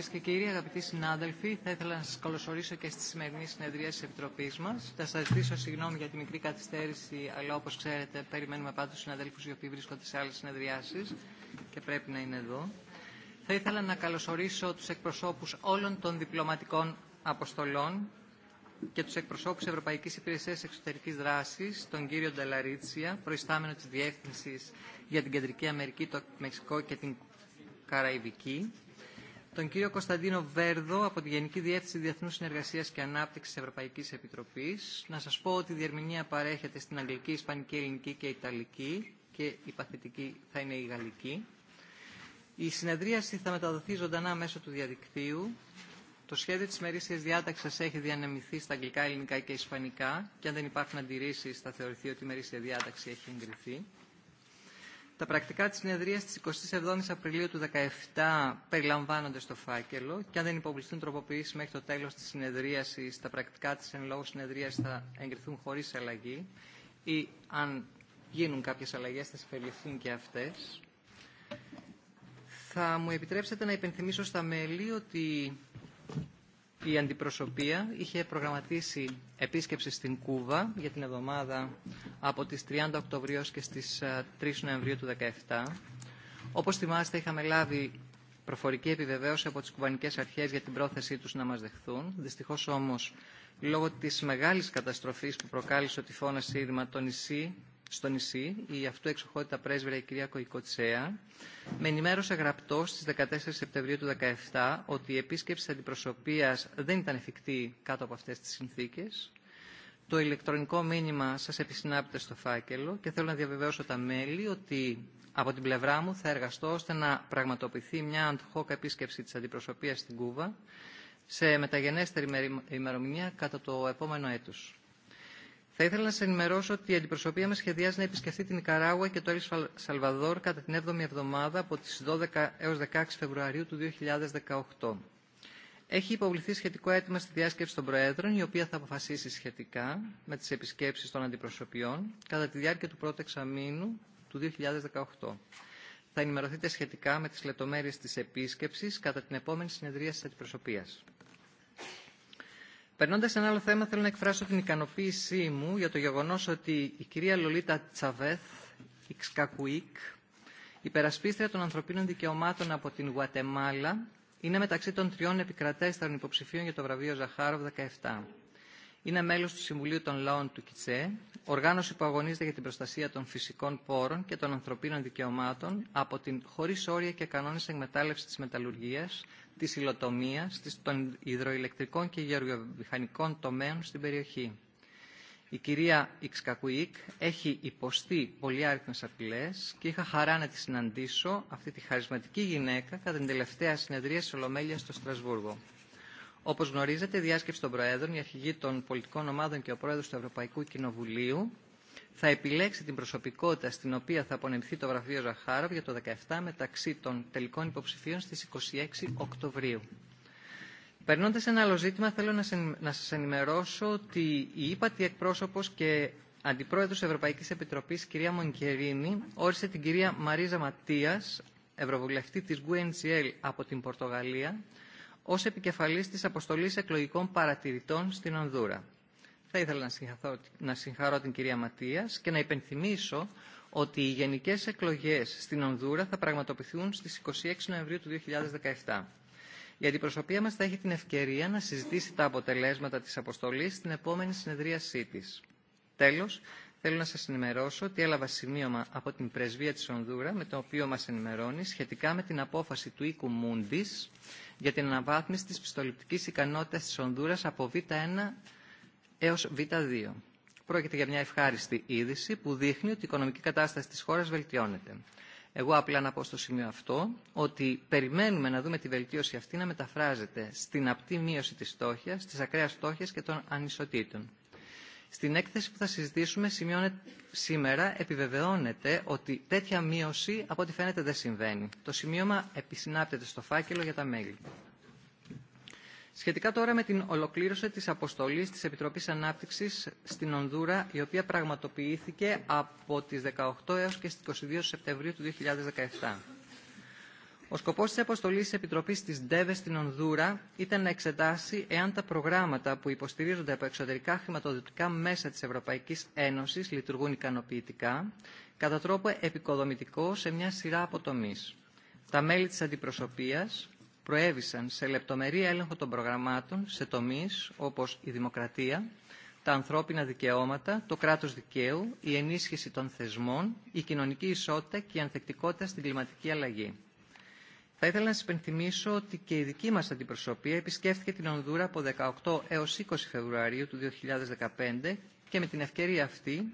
κυρίε και κύριοι, αγαπητοί συνάδελφοι, θα ήθελα να σα καλωσορίσω και στη σημερινή συνεδρία τη Επιτροπή μα. Θα σα ζητήσω συγγνώμη για τη μικρή καθυστέρηση, αλλά όπω ξέρετε, περιμένουμε πάντω του συναδέλφου οι οποίοι βρίσκονται σε άλλε συνεδριάσει και πρέπει να είναι εδώ. Θα ήθελα να καλωσορίσω του εκπροσώπου όλων των διπλωματικών αποστολών και του εκπροσώπου Ευρωπαϊκή Υπηρεσία Εξωτερική Δράση, τον κύριο Νταλαρίτσια, προϊστάμενο τη Διεύθυνση για την Κεντρική Αμερική, το Μεξικό και την Καραϊβική, τον κύριο Κωνσταντίνο Βέρδο από τη Γενική Διεύθυνση Διεθνού Συνεργασία και Ανάπτυξη Ευρωπαϊκή Επιτροπή, Να σα πω ότι η διερμηνία παρέχεται στην Αγγλική, Ισπανική, Ελληνική και Ιταλική και η παθητική θα είναι η Γαλλική. Η συνεδρίαση θα μεταδοθεί ζωντανά μέσω του διαδικτύου. Το σχέδιο της μερίσιας διάταξης έχει διανεμηθεί στα αγγλικά, ελληνικά και ισπανικά και αν δεν υπάρχουν αντιρρήσει, θα θεωρηθεί ότι η μερίσια διάταξη έχει εγκριθεί. Τα πρακτικά της συνεδρίας της 27 Απριλίου του 2017 περιλαμβάνονται στο φάκελο και αν δεν υποβληθούν τροποποιήσεις μέχρι το τέλος της συνεδρίασης, τα πρακτικά της εν λόγω συνεδρίας θα εγκριθούν χωρίς αλλαγή ή αν γίνουν κάποιες αλλαγές θα συμπεριληφθούν και αυτές. Θα μου επιτρέψετε να υπενθυμίσω στα μέλη ότι η αντιπροσωπεία είχε προγραμματίσει επίσκεψη στην Κούβα για την εβδομάδα από τις 30 Οκτωβρίου και στις 3 ε, Νοεμβρίου του 2017. Όπως θυμάστε είχαμε λάβει προφορική επιβεβαίωση από τις κουβανικές αρχές για την πρόθεσή τους να μας δεχθούν. Δυστυχώς όμως, λόγω της μεγάλης καταστροφής που προκάλεσε ο τυφώνας Σύρμα, το νησί στο νησί, η αυτού εξοχότητα πρέσβυρα η κυρία Κοϊκοτσέα, με ενημέρωσε γραπτό στι 14 Σεπτεμβρίου του 2017 ότι η επίσκεψη της αντιπροσωπείας δεν ήταν εφικτή κάτω από αυτές τις συνθήκες. Το ηλεκτρονικό μήνυμα σας επισυνάπτεται στο φάκελο και θέλω να διαβεβαιώσω τα μέλη ότι από την πλευρά μου θα εργαστώ ώστε να πραγματοποιηθεί μια αντχόκα επίσκεψη τη αντιπροσωπεία στην Κούβα σε μεταγενέστερη ημερομηνία κατά το επόμενο έτος. Θα ήθελα να σα ενημερώσω ότι η αντιπροσωπεία μα σχεδιάζει να επισκεφθεί την Ικαράγουα και το Ελ Σαλβαδόρ κατά την 7η εβδομάδα από τι 12 έω 16 Φεβρουαρίου του 2018. Έχει υποβληθεί σχετικό αίτημα στη διάσκεψη των Προέδρων, η οποία θα αποφασίσει σχετικά με τι επισκέψει των αντιπροσωπιών κατά τη διάρκεια του πρώτου εξαμήνου του 2018. Θα ενημερωθείτε σχετικά με τι λεπτομέρειε τη επίσκεψη κατά την επόμενη συνεδρία τη αντιπροσωπείας. Περνώντας σε ένα άλλο θέμα, θέλω να εκφράσω την ικανοποίησή μου για το γεγονός ότι η κυρία Λολίτα Τσαβέθ, Ιξκακουίκ, υπερασπίστρια των ανθρωπίνων δικαιωμάτων από την Γουατεμάλα, είναι μεταξύ των τριών επικρατέστερων υποψηφίων για το βραβείο Ζαχάροβ 17. Είναι μέλος του Συμβουλίου των Λαών του ΚΙΤΣΕ, οργάνωση που αγωνίζεται για την προστασία των φυσικών πόρων και των ανθρωπίνων δικαιωμάτων από την χωρίς όρια και κανόνες εκμετάλλευση της μεταλλουργίας, της υλοτομίας, των υδροηλεκτρικών και γεωργιομηχανικών τομέων στην περιοχή. Η κυρία Ιξκακουίκ έχει υποστεί πολυάριθμες απειλέ και είχα χαρά να τη συναντήσω, αυτή τη χαρισματική γυναίκα, κατά την τελευταία συνεδρία της στο Στρασβούργο. Όπω γνωρίζετε, η διάσκεψη των Προέδρων, η αρχηγή των πολιτικών ομάδων και ο Πρόεδρο του Ευρωπαϊκού Κοινοβουλίου θα επιλέξει την προσωπικότητα στην οποία θα απονεμηθεί το βραβείο Ζαχάροβ για το 2017 μεταξύ των τελικών υποψηφίων στι 26 Οκτωβρίου. Περνώντα ένα άλλο ζήτημα, θέλω να σα ενημερώσω ότι η ύπατη εκπρόσωπο και Αντιπρόεδρος Ευρωπαϊκή Επιτροπή, κυρία Μονκερίνη, όρισε την κυρία Μαρίζα Ματία, Ευρωβουλευτή τη GUNCL από την Πορτογαλία, ως επικεφαλής της αποστολής εκλογικών παρατηρητών στην Ονδούρα. Θα ήθελα να συγχαρώ, να συγχαρώ την κυρία Ματίας και να υπενθυμίσω ότι οι γενικές εκλογές στην Ονδούρα θα πραγματοποιηθούν στις 26 Νοεμβρίου του 2017. Η αντιπροσωπεία μας θα έχει την ευκαιρία να συζητήσει τα αποτελέσματα της αποστολής στην επόμενη συνεδρίασή τη. Τέλος, θέλω να σας ενημερώσω ότι έλαβα σημείωμα από την πρεσβεία της Ονδούρα με το οποίο μας ενημερώνει σχετικά με την απόφαση του οίκου για την αναβάθμιση της πιστοληπτικής ικανότητας της Ονδούρας από Β1 έως Β2. Πρόκειται για μια ευχάριστη είδηση που δείχνει ότι η οικονομική κατάσταση της χώρας βελτιώνεται. Εγώ απλά να πω στο σημείο αυτό ότι περιμένουμε να δούμε τη βελτίωση αυτή να μεταφράζεται στην απτή μείωση της στόχιας, της ακραίας στόχιας και των ανισοτήτων. Στην έκθεση που θα συζητήσουμε σήμερα επιβεβαιώνεται ότι τέτοια μείωση από ό,τι φαίνεται δεν συμβαίνει. Το σημείωμα επισυνάπτεται στο φάκελο για τα μέλη. Σχετικά τώρα με την ολοκλήρωση της αποστολής της Επιτροπής Ανάπτυξης στην Ονδούρα, η οποία πραγματοποιήθηκε από τις 18 έως και στις 22 Σεπτεμβρίου του 2017. Ο σκοπό τη αποστολή τη Επιτροπή τη ΔΕΒΕ στην Ονδούρα ήταν να εξετάσει εάν τα προγράμματα που υποστηρίζονται από εξωτερικά χρηματοδοτικά μέσα τη Ευρωπαϊκή Ένωση λειτουργούν ικανοποιητικά, κατά τρόπο επικοδομητικό σε μια σειρά από Τα μέλη τη αντιπροσωπεία προέβησαν σε λεπτομερή έλεγχο των προγραμμάτων σε τομεί όπω η δημοκρατία, τα ανθρώπινα δικαιώματα, το κράτο δικαίου, η ενίσχυση των θεσμών, η κοινωνική ισότητα και η ανθεκτικότητα στην κλιματική αλλαγή. Θα ήθελα να σα υπενθυμίσω ότι και η δική μα αντιπροσωπεία επισκέφθηκε την Ονδούρα από 18 έω 20 Φεβρουαρίου του 2015 και με την ευκαιρία αυτή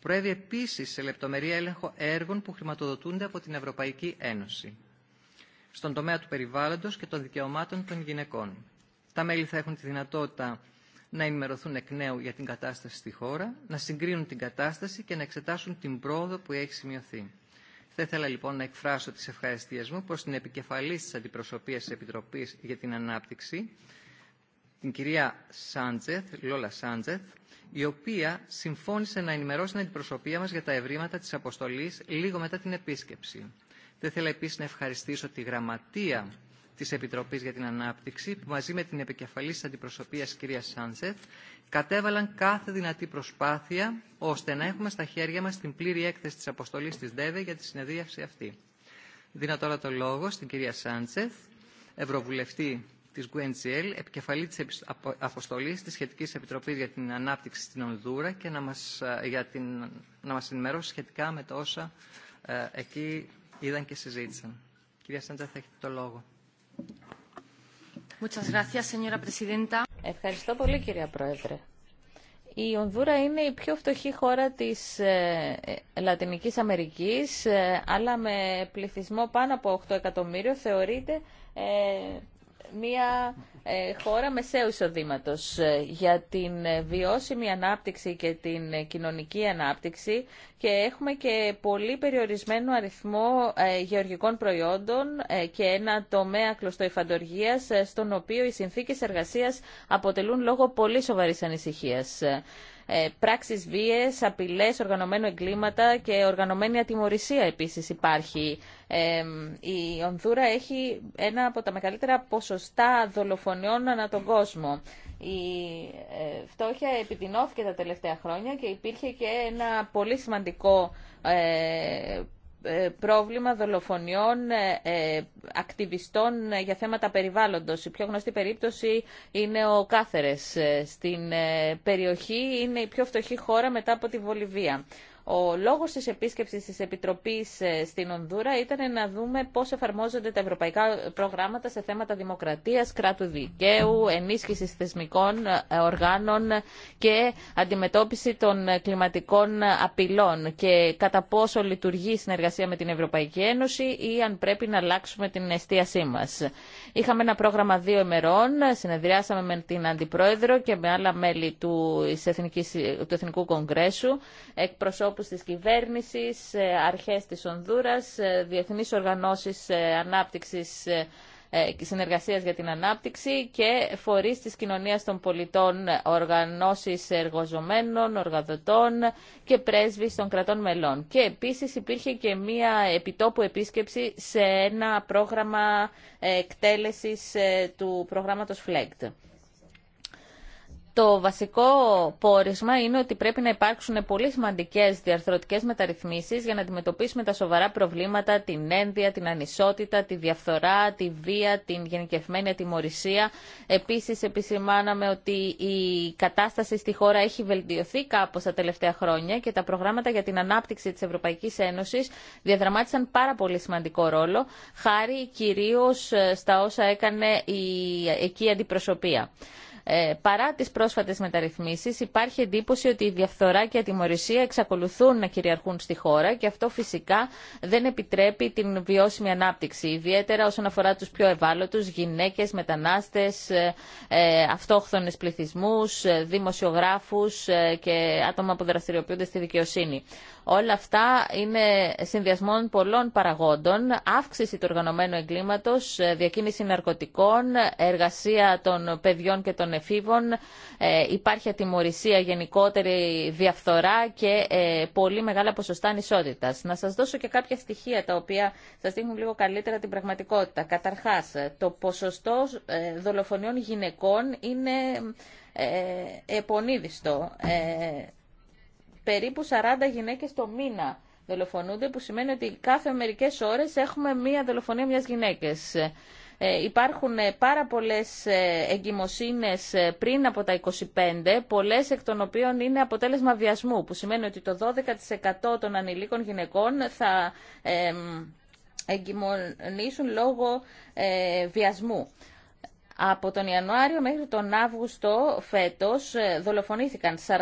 προέβη επίση σε λεπτομερή έλεγχο έργων που χρηματοδοτούνται από την Ευρωπαϊκή Ένωση στον τομέα του περιβάλλοντο και των δικαιωμάτων των γυναικών. Τα μέλη θα έχουν τη δυνατότητα να ενημερωθούν εκ νέου για την κατάσταση στη χώρα, να συγκρίνουν την κατάσταση και να εξετάσουν την πρόοδο που έχει σημειωθεί. Θα ήθελα λοιπόν να εκφράσω τις ευχαριστίες μου προς την επικεφαλής της Αντιπροσωπείας της Επιτροπής για την Ανάπτυξη, την κυρία Σάντζεθ, Λόλα Σάντζεθ, η οποία συμφώνησε να ενημερώσει την αντιπροσωπεία μας για τα ευρήματα της αποστολής λίγο μετά την επίσκεψη. Θα ήθελα επίσης να ευχαριστήσω τη γραμματεία της Επιτροπής για την Ανάπτυξη, που μαζί με την επικεφαλής της αντιπροσωπείας κυρία Σάντζεθ κατέβαλαν κάθε δυνατή προσπάθεια ώστε να έχουμε στα χέρια μας την πλήρη έκθεση της αποστολής της ΔΕΒΕ για τη συνεδρίαση αυτή. Δίνω τώρα το λόγο στην κυρία Σάντσεθ, Ευρωβουλευτή της Γκουέντζιέλ, επικεφαλή της αποστολής της Σχετικής Επιτροπής για την Ανάπτυξη στην Ονδούρα και να μας, ε, για την, να μας ενημερώσει σχετικά με το όσα ε, εκεί είδαν και συζήτησαν. Κυρία Σάντσεθ, έχετε το λόγο. Muchas gracias, señora presidenta. Ευχαριστώ πολύ κυρία Πρόεδρε. Η Ονδούρα είναι η πιο φτωχή χώρα της ε, ε, Λατινικής Αμερικής ε, αλλά με πληθυσμό πάνω από 8 εκατομμύριο θεωρείται μια ε, χώρα μεσαίου εισοδήματο. Ε, για την ε, βιώσιμη ανάπτυξη και την κοινωνική ανάπτυξη και έχουμε και πολύ περιορισμένο αριθμό γεωργικών προϊόντων και ένα τομέα κλωστοϊφαντοργίας στον οποίο οι συνθήκες εργασίας αποτελούν λόγο πολύ σοβαρής ανησυχίας. Ε, Πράξει, βίε, απειλέ, οργανωμένο εγκλήματα και οργανωμένη ατιμορρησία επίσης υπάρχει. Ε, η Ονδούρα έχει ένα από τα μεγαλύτερα ποσοστά δολοφονιών ανά τον κόσμο. Η ε, φτώχεια επιδεινώθηκε τα τελευταία χρόνια και υπήρχε και ένα πολύ σημαντικό ε, πρόβλημα δολοφονιών ε, ε, ακτιβιστών για θέματα περιβάλλοντος. Η πιο γνωστή περίπτωση είναι ο Κάθερες. Στην περιοχή είναι η πιο φτωχή χώρα μετά από τη Βολιβία. Ο λόγο τη επίσκεψη τη επιτροπή ε, στην Ονδούρα ήταν να δούμε πώ εφαρμόζονται τα ευρωπαϊκά προγράμματα σε θέματα δημοκρατία, κράτου δικαίου, ενίσχυση θεσμικών ε, οργάνων και αντιμετώπιση των κλιματικών απειλών και κατά πόσο λειτουργεί η συνεργασία με την Ευρωπαϊκή Ένωση ή αν πρέπει να αλλάξουμε την εστίασή μα. Είχαμε ένα πρόγραμμα δύο ημερών, συνεδριάσαμε με την Αντιπρόεδρο και με άλλα μέλη του, του Εθνικού Κογκρέσου, εκπροσώπου Τη της κυβέρνησης, ε, αρχές της Ονδούρας, ε, διεθνείς οργανώσεις ε, ανάπτυξης συνεργασίας για την ανάπτυξη και φορείς της κοινωνίας των πολιτών, οργανώσεις εργοζομένων, οργαδοτών και Πρέσβης των κρατών μελών. Και επίσης υπήρχε και μία επιτόπου επίσκεψη σε ένα πρόγραμμα εκτέλεσης του προγράμματος FLEGT. Το βασικό πόρισμα είναι ότι πρέπει να υπάρξουν πολύ σημαντικέ διαρθρωτικέ μεταρρυθμίσει για να αντιμετωπίσουμε τα σοβαρά προβλήματα, την ένδια, την ανισότητα, τη διαφθορά, τη βία, την γενικευμένη ατιμορρησία. Επίση, επισημάναμε ότι η κατάσταση στη χώρα έχει βελτιωθεί κάπω τα τελευταία χρόνια και τα προγράμματα για την ανάπτυξη τη Ευρωπαϊκή Ένωση διαδραμάτισαν πάρα πολύ σημαντικό ρόλο, χάρη κυρίω ε, στα όσα έκανε η ε, εκεί αντιπροσωπεία. Ε, παρά τι πρόσφατε μεταρρυθμίσεις υπάρχει εντύπωση ότι η διαφθορά και η ατιμορρησία εξακολουθούν να κυριαρχούν στη χώρα και αυτό φυσικά δεν επιτρέπει την βιώσιμη ανάπτυξη, ιδιαίτερα όσον αφορά τους πιο ευάλωτου, γυναίκες, μετανάστες, ε, ε αυτόχθονες πληθυσμούς, ε, δημοσιογράφους και άτομα που δραστηριοποιούνται στη δικαιοσύνη. Όλα αυτά είναι συνδυασμόν πολλών παραγόντων, αύξηση του οργανωμένου εγκλήματος, ε, διακίνηση ναρκωτικών, εργασία των παιδιών και των εφήβων, ε, υπάρχει ατιμορρησία, γενικότερη διαφθορά και ε, πολύ μεγάλα ποσοστά ανισότητας. Να σας δώσω και κάποια στοιχεία τα οποία σας δείχνουν λίγο καλύτερα την πραγματικότητα. Καταρχάς, το ποσοστό δολοφονιών γυναικών είναι ε, επονίδιστο περίπου 40 γυναίκες το μήνα δολοφονούνται, που σημαίνει ότι κάθε μερικές ώρες έχουμε μία δολοφονία μιας γυναίκες. Ε, υπάρχουν ε, πάρα πολλές ε, εγκυμοσύνες πριν από τα 25, πολλές εκ των οποίων είναι αποτέλεσμα βιασμού, που σημαίνει ότι το 12% των ανηλίκων γυναικών θα εγκυμονήσουν λόγω βιασμού. Από τον Ιανουάριο μέχρι τον Αύγουστο φέτος ε, δολοφονήθηκαν 42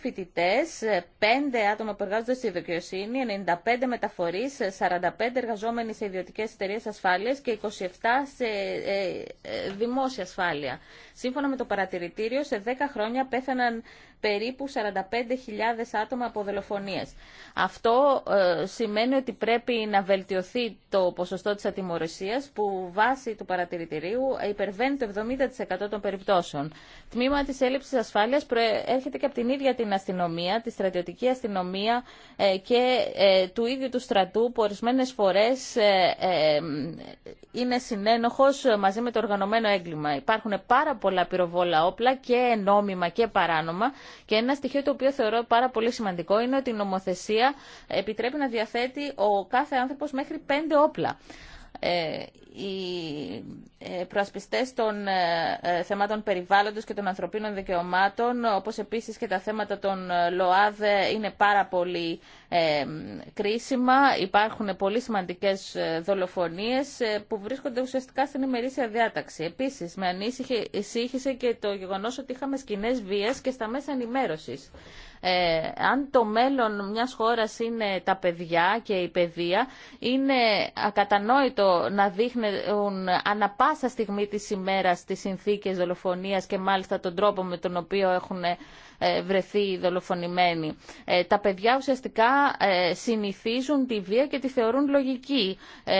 φοιτητές, 5 ε, άτομα που εργάζονται στη δικαιοσύνη, 95 μεταφορείς, 45 ε, εργαζόμενοι σε ιδιωτικές εταιρείες ασφάλειας και 27 σε δημόσια ασφάλεια. Σύμφωνα με το παρατηρητήριο, σε 10 χρόνια πέθαναν περίπου 45.000 άτομα από δολοφονίες. Αυτό ε, σημαίνει ότι πρέπει να βελτιωθεί το ποσοστό της ατιμορρησίας που βάσει του παρατηρητηρίου υπερβαίνει το 70% των περιπτώσεων. Τμήμα της έλλειψης ασφάλειας προέρχεται και από την ίδια την αστυνομία, τη στρατιωτική αστυνομία ε, και ε, του ίδιου του στρατού που ορισμένε φορές είναι συνένοχος μαζί με το οργανωμένο έγκλημα. Υπάρχουν πάρα πολλά πυροβόλα όπλα και νόμιμα και παράνομα και ένα στοιχείο το οποίο θεωρώ πάρα πολύ σημαντικό είναι ότι η νομοθεσία επιτρέπει να διαθέτει ο κάθε άνθρωπος μέχρι πέντε όπλα. Ε, οι ε, προασπιστές των ε, θεμάτων περιβάλλοντος και των ανθρωπίνων δικαιωμάτων, όπως επίσης και τα θέματα των ΛΟΑΔ, είναι πάρα πολύ κρίσιμα. Υπάρχουν πολύ σημαντικές δολοφονίες που βρίσκονται ουσιαστικά στην ημερήσια διάταξη. Επίσης, με ανήσυχε και το γεγονός ότι είχαμε σκηνές βίας και στα μέσα ενημέρωσης. Ε, αν το μέλλον μιας χώρας είναι τα παιδιά και η παιδεία, είναι ακατανόητο να δείχνουν ανα πάσα στιγμή της ημέρας τις συνθήκες δολοφονίας και μάλιστα τον τρόπο με τον οποίο έχουν ε, βρεθεί δολοφονημένη. Ε, τα παιδιά ουσιαστικά ε, συνηθίζουν τη βία και τη θεωρούν λογική.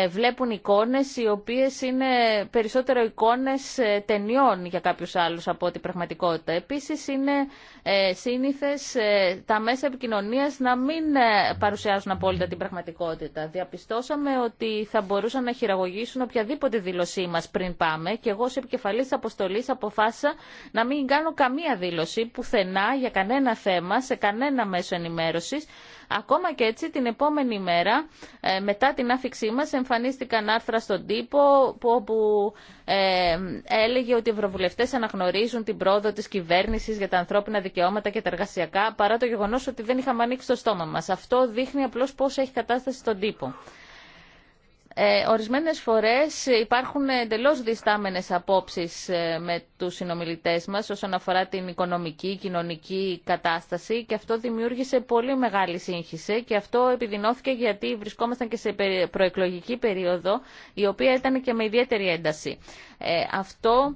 Βλέπουν εικόνες οι οποίες είναι περισσότερο εικόνες ταινιών για κάποιους άλλους από την πραγματικότητα. Επίσης είναι σύνηθες τα μέσα επικοινωνίας να μην παρουσιάζουν απόλυτα την πραγματικότητα. Διαπιστώσαμε ότι θα μπορούσαν να χειραγωγήσουν οποιαδήποτε δήλωσή μας πριν πάμε και εγώ ως επικεφαλής αποστολής αποφάσισα να μην κάνω καμία δήλωση πουθενά για κανένα θέμα, σε κανένα μέσο ενημέρωσης. Ακόμα και έτσι την επόμενη μέρα ε, μετά την άφηξή μας εμφανίστηκαν άρθρα στον τύπο που όπου ε, έλεγε ότι οι ευρωβουλευτές αναγνωρίζουν την πρόοδο της κυβέρνησης για τα ανθρώπινα δικαιώματα και τα εργασιακά παρά το γεγονός ότι δεν είχαμε ανοίξει το στόμα μας. Αυτό δείχνει απλώς πώς έχει κατάσταση στον τύπο ε, ορισμένες φορές υπάρχουν εντελώς διστάμενες απόψεις ε, με τους συνομιλητές μας όσον αφορά την οικονομική, κοινωνική κατάσταση και αυτό δημιούργησε πολύ μεγάλη σύγχυση και αυτό επιδεινώθηκε γιατί βρισκόμασταν και σε προεκλογική περίοδο η οποία ήταν και με ιδιαίτερη ένταση. Ε, αυτό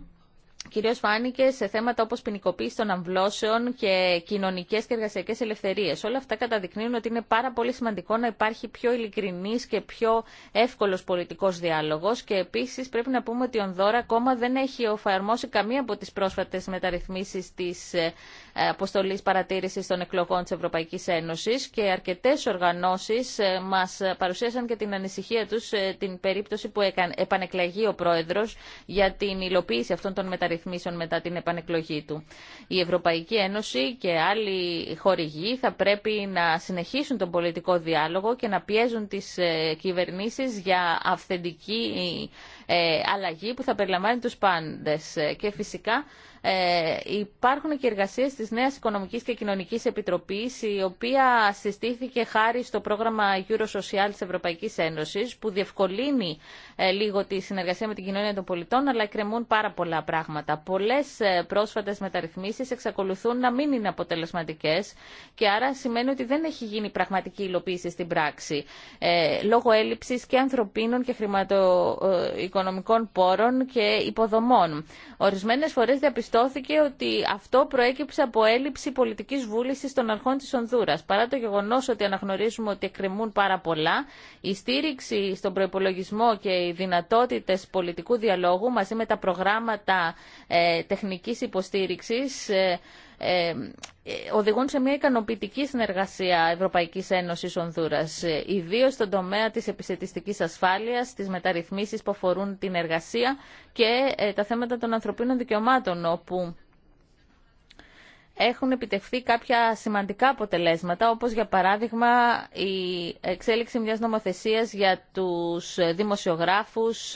κυρίως φάνηκε σε θέματα όπως ποινικοποίηση των αμβλώσεων και κοινωνικές και εργασιακές ελευθερίες. Όλα αυτά καταδεικνύουν ότι είναι πάρα πολύ σημαντικό να υπάρχει πιο ειλικρινής και πιο εύκολος πολιτικός διάλογος και επίσης πρέπει να πούμε ότι η Ονδόρα ακόμα δεν έχει εφαρμόσει καμία από τις πρόσφατες μεταρρυθμίσεις της ε, ε, αποστολής παρατήρησης των εκλογών τη Ευρωπαϊκή Ένωση και αρκετές οργανώσεις ε, μας παρουσίασαν και την ανησυχία τους ε, την περίπτωση που επανεκλαγεί ο Πρόεδρος για την υλοποίηση αυτών των μεταρρυθμίσεων μετά την επανεκλογή του. Η Ευρωπαϊκή Ένωση και άλλοι χορηγοί θα πρέπει να συνεχίσουν τον πολιτικό διάλογο και να πιέζουν τι κυβερνήσεις για αυθεντική αλλαγή που θα περιλαμβάνει τους πάντες. Και φυσικά ε, υπάρχουν και εργασίε τη Νέα οικονομική και κοινωνική επιτροπή, η οποία συστήθηκε χάρη στο πρόγραμμα Eurosocial τη Ευρωπαϊκή Ένωση, που διευκολύνει ε, λίγο τη συνεργασία με την κοινωνία των πολιτών, αλλά εκκρεμούν πάρα πολλά πράγματα. Πολλέ ε, πρόσφατες μεταρρυθμίσεις εξακολουθούν να μην είναι αποτελεσματικέ και άρα σημαίνει ότι δεν έχει γίνει πραγματική υλοποίηση στην πράξη. Ε, λόγω έλλειψη και ανθρωπίνων και χρηματοοικονομικών ε, πόρων και υποδομών. Ορισμένε φορέ διαπιστώθηκε ότι αυτό προέκυψε από έλλειψη πολιτικής βούλησης των αρχών της Ονδούρα. Παρά το γεγονός ότι αναγνωρίζουμε ότι εκκρεμούν πάρα πολλά, η στήριξη στον προπολογισμό και οι δυνατότητες πολιτικού διαλόγου μαζί με τα προγράμματα ε, τεχνικής υποστήριξης ε, ε, ε, οδηγούν σε μια ικανοποιητική συνεργασία Ευρωπαϊκής Ένωσης Ονδούρας, ε, ιδίω στον τομέα της επιστημιστικής ασφάλειας, τις μεταρρυθμίσεις που αφορούν την εργασία και τα θέματα των ανθρωπίνων δικαιωμάτων, όπου έχουν επιτευχθεί κάποια σημαντικά αποτελέσματα, όπως για παράδειγμα η εξέλιξη μιας νομοθεσίας για τους δημοσιογράφους,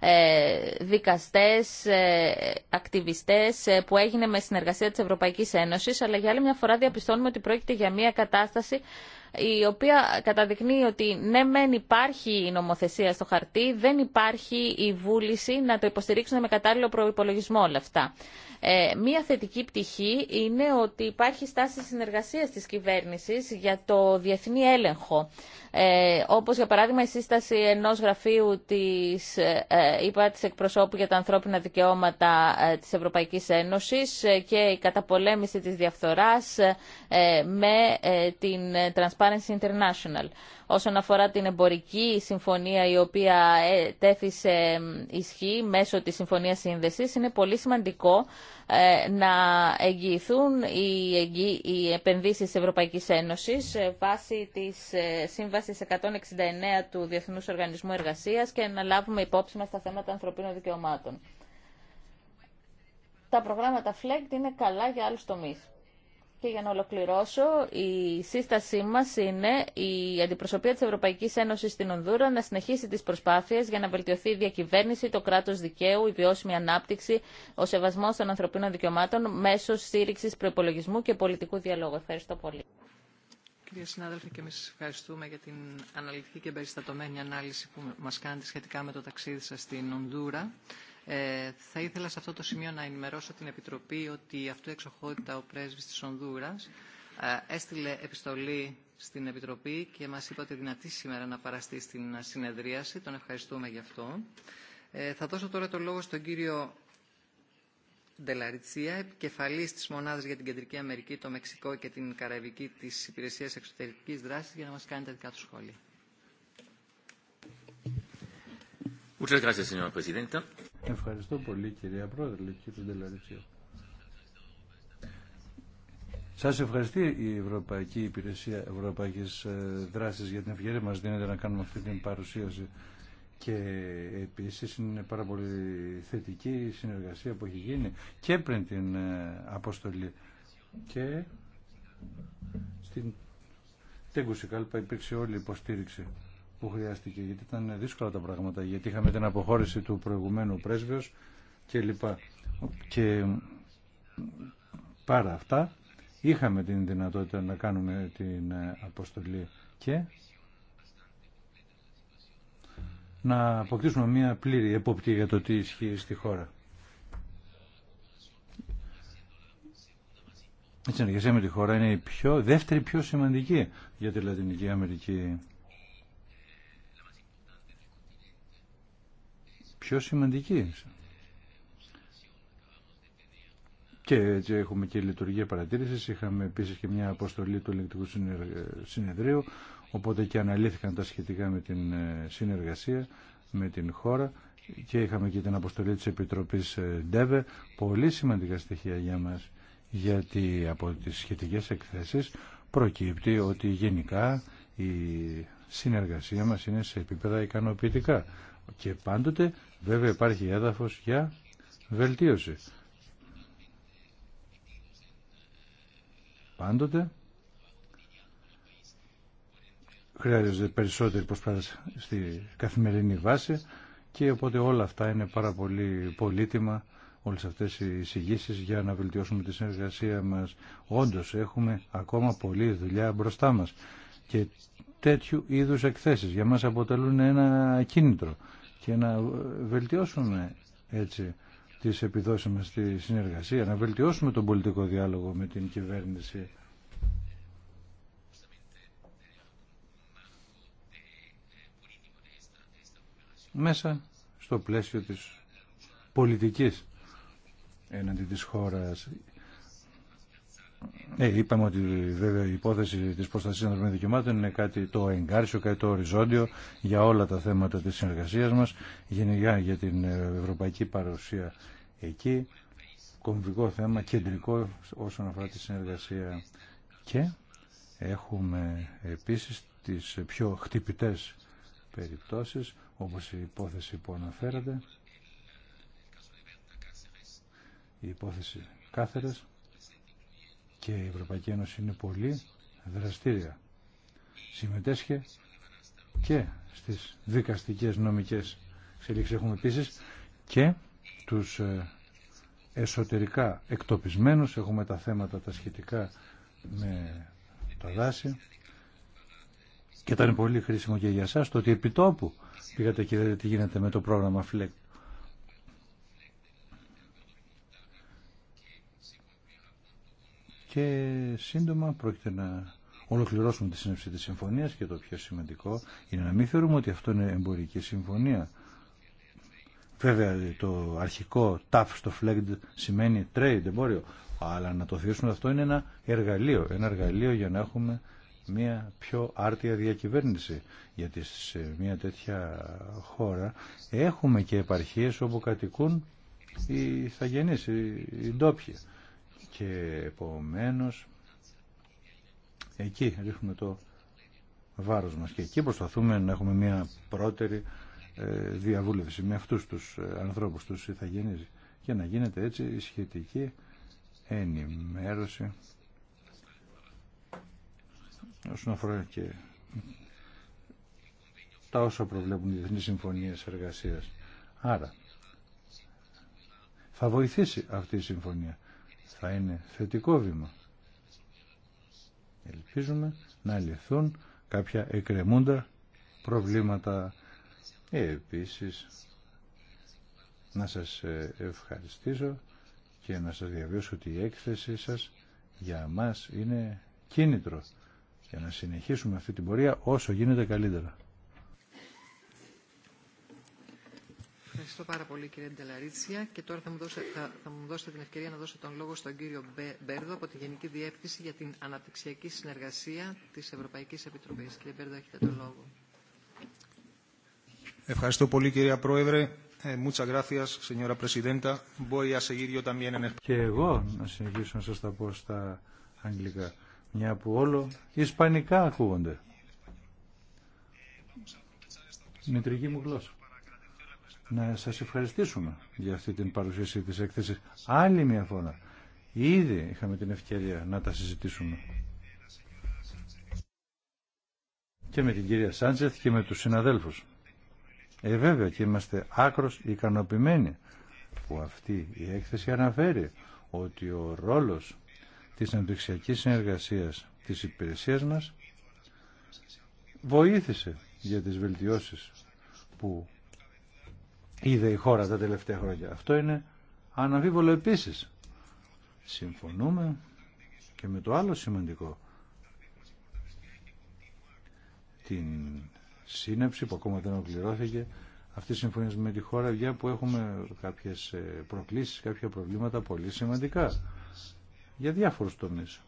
ε, δικαστές, ε, ακτιβιστές ε, που έγινε με συνεργασία της Ευρωπαϊκής Ένωσης αλλά για άλλη μια φορά διαπιστώνουμε ότι πρόκειται για μια κατάσταση η οποία καταδεικνύει ότι ναι μεν υπάρχει η νομοθεσία στο χαρτί, δεν υπάρχει η βούληση να το υποστηρίξουν με κατάλληλο προϋπολογισμό όλα αυτά. Ε, μία θετική πτυχή είναι ότι υπάρχει στάση συνεργασίας της κυβέρνησης για το διεθνή έλεγχο. Ε, όπως για παράδειγμα η σύσταση ενός γραφείου της, ε, ε είπα, της εκπροσώπου για τα ανθρώπινα δικαιώματα ε, της Ευρωπαϊκής Ένωσης ε, και η καταπολέμηση της διαφθοράς ε, με την Όσον αφορά την εμπορική συμφωνία η οποία ε, τέθησε ισχύ μέσω της Συμφωνίας Σύνδεσης, είναι πολύ σημαντικό ε, να εγγυηθούν οι επενδύσεις της Ευρωπαϊκής Ένωσης ε, βάσει της Σύμβασης 169 του Διεθνούς Οργανισμού Εργασίας και να λάβουμε υπόψη μας τα θέματα ανθρωπίνων δικαιωμάτων. Τα προγράμματα FLEGT είναι καλά για άλλους τομείς. Και για να ολοκληρώσω, η σύστασή μα είναι η αντιπροσωπεία τη Ευρωπαϊκή Ένωση στην Ονδούρα να συνεχίσει τι προσπάθειε για να βελτιωθεί η διακυβέρνηση, το κράτο δικαίου, η βιώσιμη ανάπτυξη, ο σεβασμό των ανθρωπίνων δικαιωμάτων μέσω στήριξη προπολογισμού και πολιτικού διαλόγου. Ευχαριστώ πολύ. Κυρία συνάδελφε, και εμείς ευχαριστούμε για την αναλυτική και περιστατωμένη ανάλυση που μα κάνετε σχετικά με το ταξίδι σα στην Ονδούρα. Ε, θα ήθελα σε αυτό το σημείο να ενημερώσω την Επιτροπή ότι αυτού εξοχότητα ο πρέσβης της Ονδούρας ε, έστειλε επιστολή στην Επιτροπή και μας είπε ότι δυνατή σήμερα να παραστεί στην συνεδρίαση. Τον ευχαριστούμε γι' αυτό. Ε, θα δώσω τώρα το λόγο στον κύριο Ντελαριτσία, επικεφαλής της Μονάδας για την Κεντρική Αμερική, το Μεξικό και την Καραϊβική της Υπηρεσίας Εξωτερικής Δράσης για να μας κάνει τα δικά του σχόλια. Muchas gracias, señora presidenta. Ευχαριστώ πολύ κυρία Πρόεδρε, κύριε Ντελαρίτσιο. Σας ευχαριστεί η Ευρωπαϊκή Υπηρεσία Ευρωπαϊκής ε, Δράσης για την ευκαιρία μας δίνεται να κάνουμε αυτή την παρουσίαση και επίσης είναι πάρα πολύ θετική η συνεργασία που έχει γίνει και πριν την ε, αποστολή και στην Τέγκουσικάλπα υπήρξε όλη η υποστήριξη που χρειάστηκε, γιατί ήταν δύσκολα τα πράγματα, γιατί είχαμε την αποχώρηση του προηγουμένου πρέσβεως και λοιπά. Και πάρα αυτά είχαμε την δυνατότητα να κάνουμε την ε, αποστολή και να αποκτήσουμε μια πλήρη εποπτεία για το τι ισχύει στη χώρα. Η συνεργασία με τη χώρα είναι η πιο, δεύτερη πιο σημαντική για τη Λατινική Αμερική. πιο σημαντική. Και έτσι έχουμε και λειτουργία παρατήρησης, είχαμε επίσης και μια αποστολή του ηλεκτρικού συνεδρίου, οπότε και αναλύθηκαν τα σχετικά με την ε, συνεργασία με την χώρα και είχαμε και την αποστολή της Επιτροπής ε, ΔΕΒΕ, πολύ σημαντικά στοιχεία για μας, γιατί από τις σχετικές εκθέσεις προκύπτει ότι γενικά η συνεργασία μας είναι σε επίπεδα ικανοποιητικά. Και πάντοτε βέβαια υπάρχει έδαφος για βελτίωση. Πάντοτε χρειάζεται περισσότερη προσπάθεια στη καθημερινή βάση και οπότε όλα αυτά είναι πάρα πολύ πολύτιμα όλες αυτές οι εισηγήσει για να βελτιώσουμε τη συνεργασία μας. Όντως έχουμε ακόμα πολλή δουλειά μπροστά μας και τέτοιου είδους εκθέσεις για μας αποτελούν ένα κίνητρο και να βελτιώσουμε έτσι τις επιδόσεις μας στη συνεργασία, να βελτιώσουμε τον πολιτικό διάλογο με την κυβέρνηση. Μέσα στο πλαίσιο της πολιτικής έναντι της χώρας ε, είπαμε ότι βέβαια η υπόθεση τη προστασία των δικαιωμάτων είναι κάτι το εγκάρσιο, κάτι το οριζόντιο για όλα τα θέματα τη συνεργασία μα, γενικά για την ε, ευρωπαϊκή παρουσία εκεί. Κομβικό θέμα, κεντρικό όσον αφορά τη συνεργασία. Και έχουμε επίσης τις πιο χτυπητέ περιπτώσεις, όπως η υπόθεση που αναφέρατε, η υπόθεση Κάθερες, και η Ευρωπαϊκή Ένωση είναι πολύ δραστήρια. Συμμετέσχε και στις δικαστικές νομικές εξελίξεις. Έχουμε επίσης και τους ε, εσωτερικά εκτοπισμένους. Έχουμε τα θέματα τα σχετικά με τα δάση. Και ήταν πολύ χρήσιμο και για εσάς το ότι επιτόπου πήγατε και δείτε τι γίνεται με το πρόγραμμα FLECT. και σύντομα πρόκειται να ολοκληρώσουμε τη σύνευση της συμφωνίας και το πιο σημαντικό είναι να μην θεωρούμε ότι αυτό είναι εμπορική συμφωνία. Βέβαια το αρχικό TAF στο FLEGD σημαίνει trade, εμπόριο, αλλά να το θεωρήσουμε αυτό είναι ένα εργαλείο, ένα εργαλείο για να έχουμε μια πιο άρτια διακυβέρνηση. Γιατί σε μια τέτοια χώρα έχουμε και επαρχίες όπου κατοικούν οι θαγενείς, οι ντόπιοι και επομένως εκεί ρίχνουμε το βάρος μας και εκεί προσπαθούμε να έχουμε μια πρώτερη ε, διαβούλευση με αυτούς τους ε, ανθρώπους, τους ηθαγενείς και να γίνεται έτσι η σχετική ενημέρωση όσον αφορά και τα όσα προβλέπουν οι διεθνείς συμφωνίες εργασίας. Άρα, θα βοηθήσει αυτή η συμφωνία θα είναι θετικό βήμα. Ελπίζουμε να λυθούν κάποια εκκρεμούντα προβλήματα. Ε, επίσης, να σας ε, ευχαριστήσω και να σας διαβιώσω ότι η έκθεσή σας για μας είναι κίνητρο για να συνεχίσουμε αυτή την πορεία όσο γίνεται καλύτερα. Ευχαριστώ πάρα πολύ κύριε Ντελαρίτσια και τώρα θα μου, δώσετε, την ευκαιρία να δώσω τον λόγο στον κύριο Μπέρδο από τη Γενική Διεύθυνση για την Αναπτυξιακή Συνεργασία της Ευρωπαϊκής Επιτροπής. Κύριε Μπέρδο, έχετε τον λόγο. Ευχαριστώ πολύ κύριε Πρόεδρε. Μούτσα ε, gracias, σενιόρα πρεσίδεντα, Και εγώ να συνεχίσω να σας τα πω στα αγγλικά, μια που όλο ισπανικά ακούγονται. Μητρική μου γλώσσα να σας ευχαριστήσουμε για αυτή την παρουσίαση της έκθεσης. Άλλη μια φορά. Ήδη είχαμε την ευκαιρία να τα συζητήσουμε. Και με την κυρία Σάντζεθ και με τους συναδέλφους. Ε, βέβαια και είμαστε άκρος ικανοποιημένοι που αυτή η έκθεση αναφέρει ότι ο ρόλος της αναπτυξιακής συνεργασίας της υπηρεσίας μας βοήθησε για τις βελτιώσεις που είδε η χώρα τα τελευταία χρόνια. Αυτό είναι αναβίβολο επίση. Συμφωνούμε και με το άλλο σημαντικό. Την σύνεψη που ακόμα δεν ολοκληρώθηκε αυτή τη συμφωνία με τη χώρα για που έχουμε κάποιες ε, προκλήσεις, κάποια προβλήματα πολύ σημαντικά για διάφορους τομείς.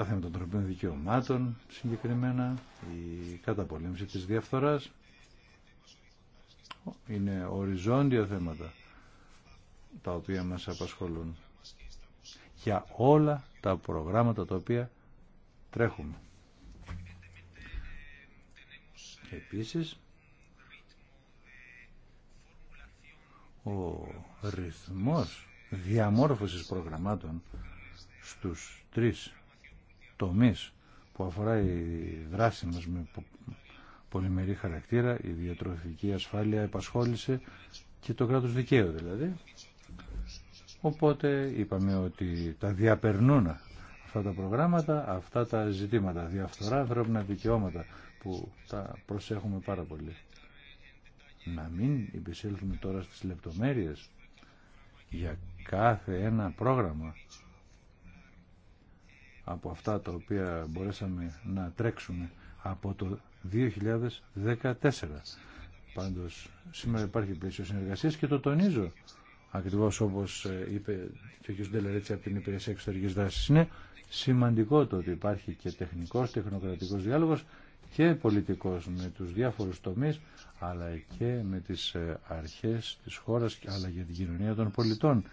τα θέματα των ανθρωπίνων δικαιωμάτων συγκεκριμένα, η καταπολέμηση της διαφθοράς, είναι οριζόντια θέματα τα οποία μας απασχολούν για όλα τα προγράμματα τα οποία τρέχουμε. Επίσης, ο ρυθμός διαμόρφωσης προγραμμάτων στους τρεις Τομεί που αφορά η δράση μας με πολυμερή χαρακτήρα, η διατροφική ασφάλεια, επασχόλησε και το κράτος δικαίου δηλαδή. Οπότε είπαμε ότι τα διαπερνούν αυτά τα προγράμματα, αυτά τα ζητήματα, διαφθορά, ανθρώπινα δικαιώματα που τα προσέχουμε πάρα πολύ. Να μην υπησέλθουμε τώρα στις λεπτομέρειες για κάθε ένα πρόγραμμα από αυτά τα οποία μπορέσαμε να τρέξουμε από το 2014. Πάντως σήμερα υπάρχει πλαίσιο συνεργασίας και το τονίζω ακριβώς όπως ε, είπε και ο κ. Ντελερέτσι από την Υπηρεσία Εξωτερικής Δράσης. Είναι σημαντικό το ότι υπάρχει και τεχνικός, τεχνοκρατικός διάλογος και πολιτικός με τους διάφορους τομείς αλλά και με τις ε, αρχές της χώρας αλλά και την κοινωνία των πολιτών.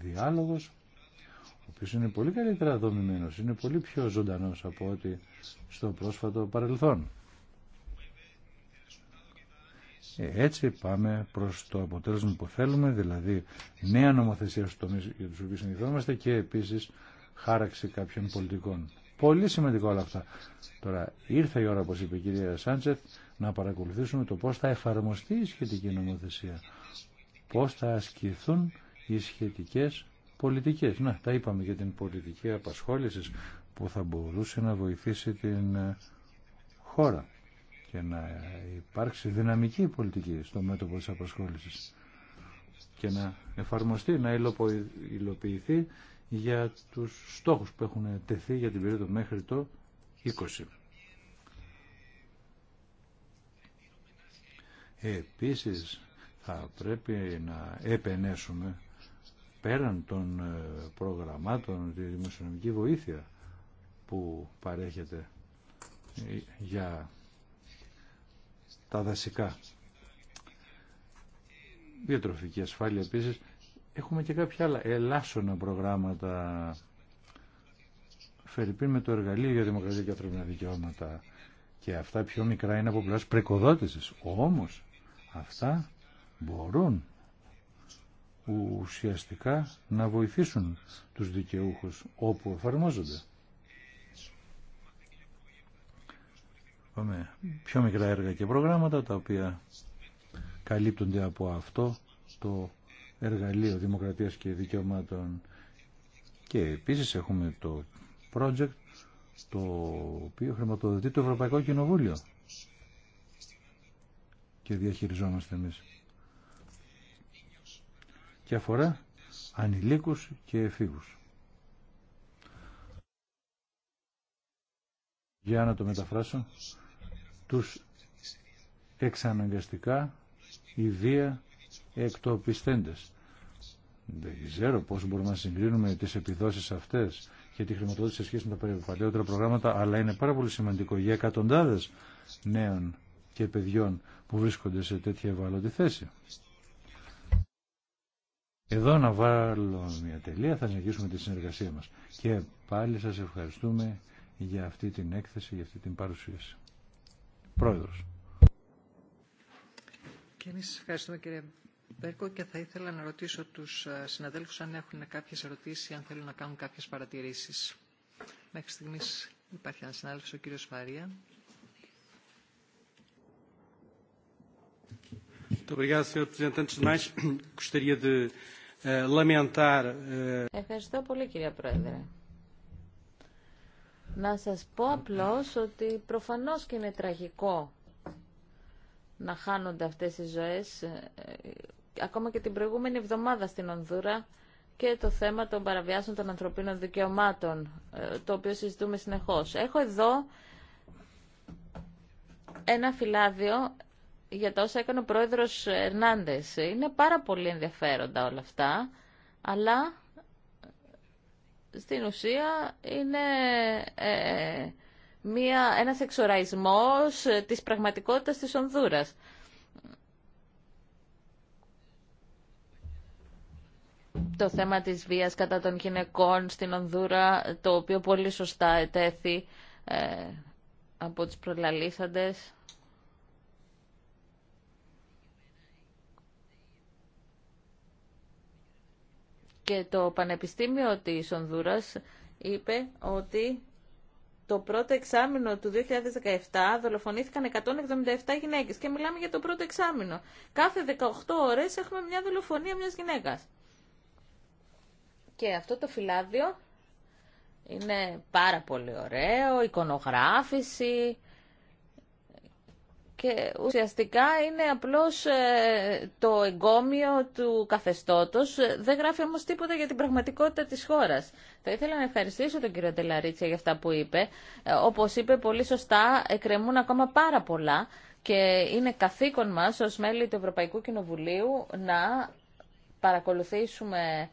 Διάλογος ο οποίος είναι πολύ καλύτερα δομημένος, είναι πολύ πιο ζωντανός από ό,τι στο πρόσφατο παρελθόν. Ε, έτσι πάμε προς το αποτέλεσμα που θέλουμε, δηλαδή νέα νομοθεσία στους τομεί για τους οποίους συνηθιζόμαστε και επίσης χάραξη κάποιων πολιτικών. Πολύ σημαντικό όλα αυτά. Τώρα ήρθε η ώρα, όπως είπε η κυρία Σάντσεφ, να παρακολουθήσουμε το πώς θα εφαρμοστεί η σχετική νομοθεσία, πώς θα ασκηθούν οι σχετικές πολιτικές. Να, τα είπαμε για την πολιτική απασχόληση που θα μπορούσε να βοηθήσει την ε, χώρα και να υπάρξει δυναμική πολιτική στο μέτωπο της απασχόλησης και να εφαρμοστεί, να υλοποιηθεί για τους στόχους που έχουν τεθεί για την περίοδο μέχρι το 20. Επίσης θα πρέπει να επενέσουμε πέραν των ε, προγραμμάτων, τη δημοσιονομική βοήθεια που παρέχεται ε, για τα δασικά. Διατροφική ασφάλεια επίσης. Έχουμε και κάποια άλλα ελάσσονα προγράμματα Φερρυπίν με το εργαλείο για δημοκρατία και ανθρώπινα δικαιώματα και αυτά πιο μικρά είναι από πλευρά Όμως αυτά μπορούν που ουσιαστικά να βοηθήσουν τους δικαιούχους όπου εφαρμόζονται. Πάμε πιο μικρά έργα και προγράμματα τα οποία καλύπτονται από αυτό το εργαλείο δημοκρατίας και δικαιωμάτων και επίσης έχουμε το project το οποίο χρηματοδοτεί το Ευρωπαϊκό Κοινοβούλιο και διαχειριζόμαστε εμείς και αφορά ανηλίκους και εφήγους. Για να το μεταφράσω, τους εξαναγκαστικά η βία εκτοπιστέντες. Δεν ξέρω πώς μπορούμε να συγκρίνουμε τις επιδόσεις αυτές και τη χρηματοδότηση σε σχέση με τα παλαιότερα προγράμματα, αλλά είναι πάρα πολύ σημαντικό για εκατοντάδες νέων και παιδιών που βρίσκονται σε τέτοια ευάλωτη θέση. Εδώ να βάλω μια τελεία, θα συνεχίσουμε τη συνεργασία μας. Και πάλι σας ευχαριστούμε για αυτή την έκθεση, για αυτή την παρουσίαση. Πρόεδρος. Και εμείς ευχαριστούμε κύριε Μπέρκο και θα ήθελα να ρωτήσω τους ε, συναδέλφους αν έχουν κάποιες ερωτήσεις ή αν θέλουν να κάνουν κάποιες παρατηρήσεις. Μέχρι στιγμής υπάρχει ένα συνάδελφος, ο κύριος Φαρία. Ευχαριστώ πολύ κύριε Πρόεδρε. Να σας πω απλώς ότι προφανώς και είναι τραγικό να χάνονται αυτές οι ζωές. Ε, ε, ακόμα και την προηγούμενη εβδομάδα στην Ονδούρα και το θέμα των παραβιάσεων των ανθρωπίνων δικαιωμάτων, ε, το οποίο συζητούμε συνεχώς. Έχω εδώ ένα φυλάδιο για τα όσα έκανε ο πρόεδρος Ερνάντες. Είναι πάρα πολύ ενδιαφέροντα όλα αυτά, αλλά στην ουσία είναι ε, μία, ένας εξοραϊσμός της πραγματικότητας της Ονδούρας. Το θέμα της βίας κατά των γυναικών στην Ονδούρα, το οποίο πολύ σωστά ετέθη ε, από τους προλαλήσαντες. Και το Πανεπιστήμιο της Ονδούρας είπε ότι το πρώτο εξάμεινο του 2017 δολοφονήθηκαν 177 γυναίκες και μιλάμε για το πρώτο εξάμεινο. Κάθε 18 ώρες έχουμε μια δολοφονία μιας γυναίκας. Και αυτό το φυλάδιο είναι πάρα πολύ ωραίο, εικονογράφηση, και ουσιαστικά είναι απλώς ε, το εγκόμιο του καθεστώτος. Δεν γράφει όμως τίποτα για την πραγματικότητα της χώρας. Θα ήθελα να ευχαριστήσω τον κύριο Τελαρίτσια για αυτά που είπε. Ε, όπως είπε πολύ σωστά, εκκρεμούν ακόμα πάρα πολλά και είναι καθήκον μας ως μέλη του Ευρωπαϊκού Κοινοβουλίου να παρακολουθήσουμε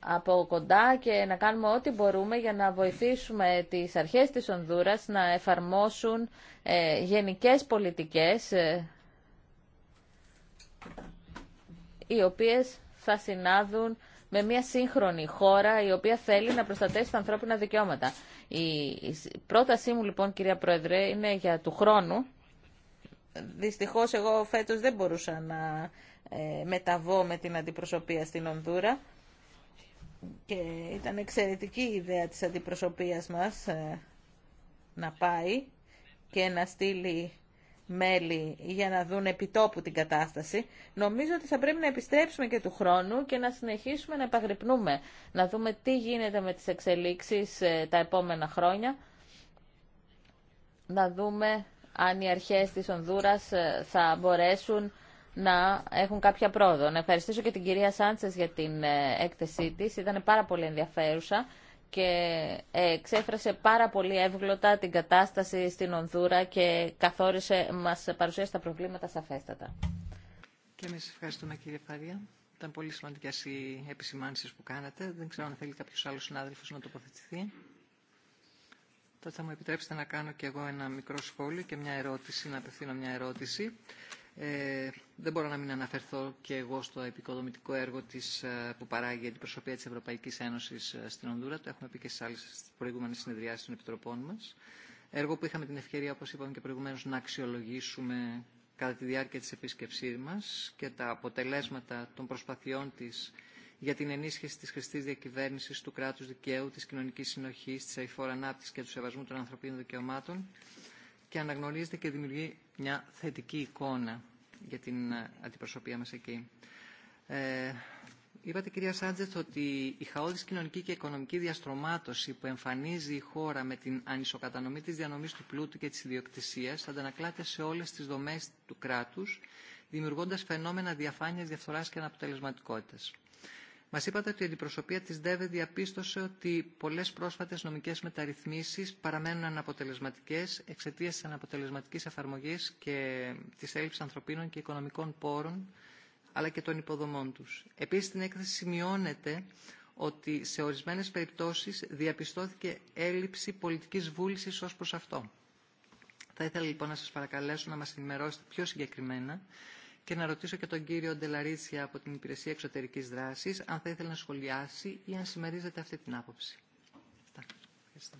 από κοντά και να κάνουμε ό,τι μπορούμε για να βοηθήσουμε τις αρχές της Ονδούρας να εφαρμόσουν ε, γενικές πολιτικές ε, οι οποίες θα συνάδουν με μια σύγχρονη χώρα η οποία θέλει να προστατεύσει τα ανθρώπινα δικαιώματα. Η πρότασή μου λοιπόν κυρία Πρόεδρε είναι για του χρόνου. Δυστυχώς εγώ φέτος δεν μπορούσα να ε, μεταβώ με την αντιπροσωπεία στην Ονδούρα και ήταν εξαιρετική η ιδέα της αντιπροσωπείας μας ε, να πάει και να στείλει μέλη για να δουν επιτόπου την κατάσταση. Νομίζω ότι θα πρέπει να επιστρέψουμε και του χρόνου και να συνεχίσουμε να επαγρυπνούμε, να δούμε τι γίνεται με τις εξελίξεις ε, τα επόμενα χρόνια, να δούμε αν οι αρχές της Ονδούρας ε, θα μπορέσουν να έχουν κάποια πρόοδο. Να ευχαριστήσω και την κυρία Σάντσε για την ε, έκθεσή τη. Ήταν πάρα πολύ ενδιαφέρουσα και ε, ξέφρασε πάρα πολύ εύγλωτα την κατάσταση στην Ονδούρα και καθόρισε, μας παρουσίασε τα προβλήματα σαφέστατα. Και εμείς ευχαριστούμε κύριε Φαρία. Ήταν πολύ σημαντικέ οι επισημάνσει που κάνατε. Δεν ξέρω αν θέλει κάποιο άλλο συνάδελφο να τοποθετηθεί. Τότε θα μου επιτρέψετε να κάνω και εγώ ένα μικρό σχόλιο και μια ερώτηση, να απευθύνω μια ερώτηση. Ε, δεν μπορώ να μην αναφερθώ και εγώ στο επικοδομητικό έργο της, ε, που παράγει η αντιπροσωπεία της Ευρωπαϊκής Ένωσης ε, στην Ονδούρα. Το έχουμε πει και στις άλλες προηγούμενες συνεδριάσεις των επιτροπών μας. Έργο που είχαμε την ευκαιρία, όπως είπαμε και προηγουμένως, να αξιολογήσουμε κατά τη διάρκεια της επίσκεψής μας και τα αποτελέσματα των προσπαθειών της για την ενίσχυση της χρηστής διακυβέρνησης, του κράτους δικαίου, της κοινωνικής συνοχής, της αηφόρα ανάπτυξης και του σεβασμού των ανθρωπίνων δικαιωμάτων και αναγνωρίζεται και δημιουργεί μια θετική εικόνα για την ε, αντιπροσωπεία μας εκεί. Ε, είπατε κυρία Σάντζεθ, ότι η χαόδης κοινωνική και οικονομική διαστρωμάτωση που εμφανίζει η χώρα με την ανισοκατανομή της διανομής του πλούτου και της ιδιοκτησίας αντανακλάται σε όλες τις δομές του κράτους δημιουργώντας φαινόμενα διαφάνειας, διαφθοράς και αναποτελεσματικότητας. Μα είπατε ότι η αντιπροσωπεία τη ΔΕΒΕ διαπίστωσε ότι πολλέ πρόσφατε νομικέ μεταρρυθμίσει παραμένουν αναποτελεσματικέ εξαιτία τη αναποτελεσματική εφαρμογή και τη έλλειψη ανθρωπίνων και οικονομικών πόρων αλλά και των υποδομών του. Επίση, στην έκθεση σημειώνεται ότι σε ορισμένε περιπτώσει διαπιστώθηκε έλλειψη πολιτική βούληση ω προ αυτό. Θα ήθελα λοιπόν να σα παρακαλέσω να μα ενημερώσετε πιο συγκεκριμένα και να ρωτήσω και τον κύριο Ντελαρίτσια από την Υπηρεσία Εξωτερικής Δράσης αν θα ήθελε να σχολιάσει ή αν συμμερίζεται αυτή την άποψη. Ευχαριστώ.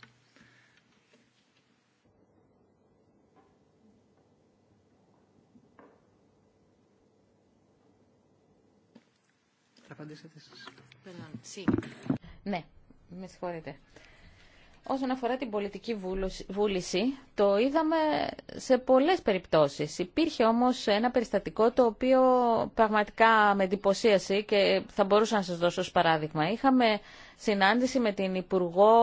Θα απαντήσετε εσείς. Ναι, με συγχωρείτε. Όσον αφορά την πολιτική βούληση, το είδαμε σε πολλές περιπτώσεις. Υπήρχε όμως ένα περιστατικό το οποίο πραγματικά με εντυπωσίασε και θα μπορούσα να σας δώσω ως παράδειγμα. Είχαμε συνάντηση με την Υπουργό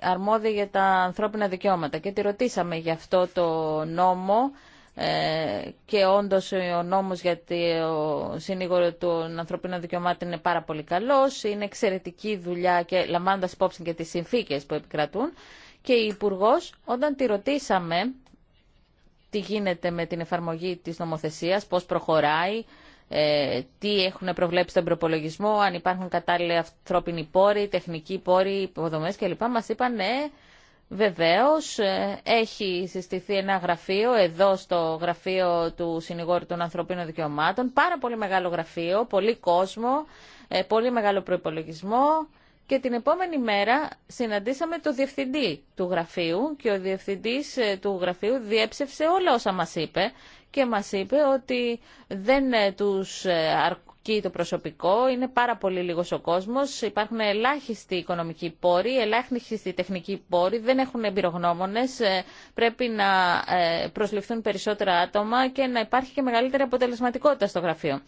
Αρμόδια για τα Ανθρώπινα Δικαιώματα και τη ρωτήσαμε για αυτό το νόμο ε, και όντως ο νόμος γιατί ο συνήγορο των ανθρωπίνων δικαιωμάτων είναι πάρα πολύ καλός, είναι εξαιρετική δουλειά και λαμβάνοντας υπόψη και τις συνθήκες που επικρατούν και η υπουργό, όταν τη ρωτήσαμε τι γίνεται με την εφαρμογή της νομοθεσίας, πώς προχωράει, ε, τι έχουν προβλέψει στον προπολογισμό, αν υπάρχουν κατάλληλοι ανθρώπινοι πόροι, τεχνικοί πόροι, υποδομές κλπ. Μας είπαν ναι, Βεβαίως ε, έχει συστηθεί ένα γραφείο εδώ στο γραφείο του Συνηγόρου των Ανθρωπίνων Δικαιωμάτων, πάρα πολύ μεγάλο γραφείο, πολύ κόσμο, ε, πολύ μεγάλο προϋπολογισμό και την επόμενη μέρα συναντήσαμε το διευθυντή του γραφείου και ο διευθυντής ε, του γραφείου διέψευσε όλα όσα μας είπε και μας είπε ότι δεν τους και το προσωπικό, είναι πάρα πολύ λίγο ο κόσμο. υπάρχουν ελάχιστοι οικονομικοί πόροι, ελάχιστοι τεχνικοί πόροι, δεν έχουν εμπειρογνώμονε, ε, πρέπει να ε, προσληφθούν περισσότερα άτομα και να υπάρχει και μεγαλύτερη αποτελεσματικότητα στο γραφείο.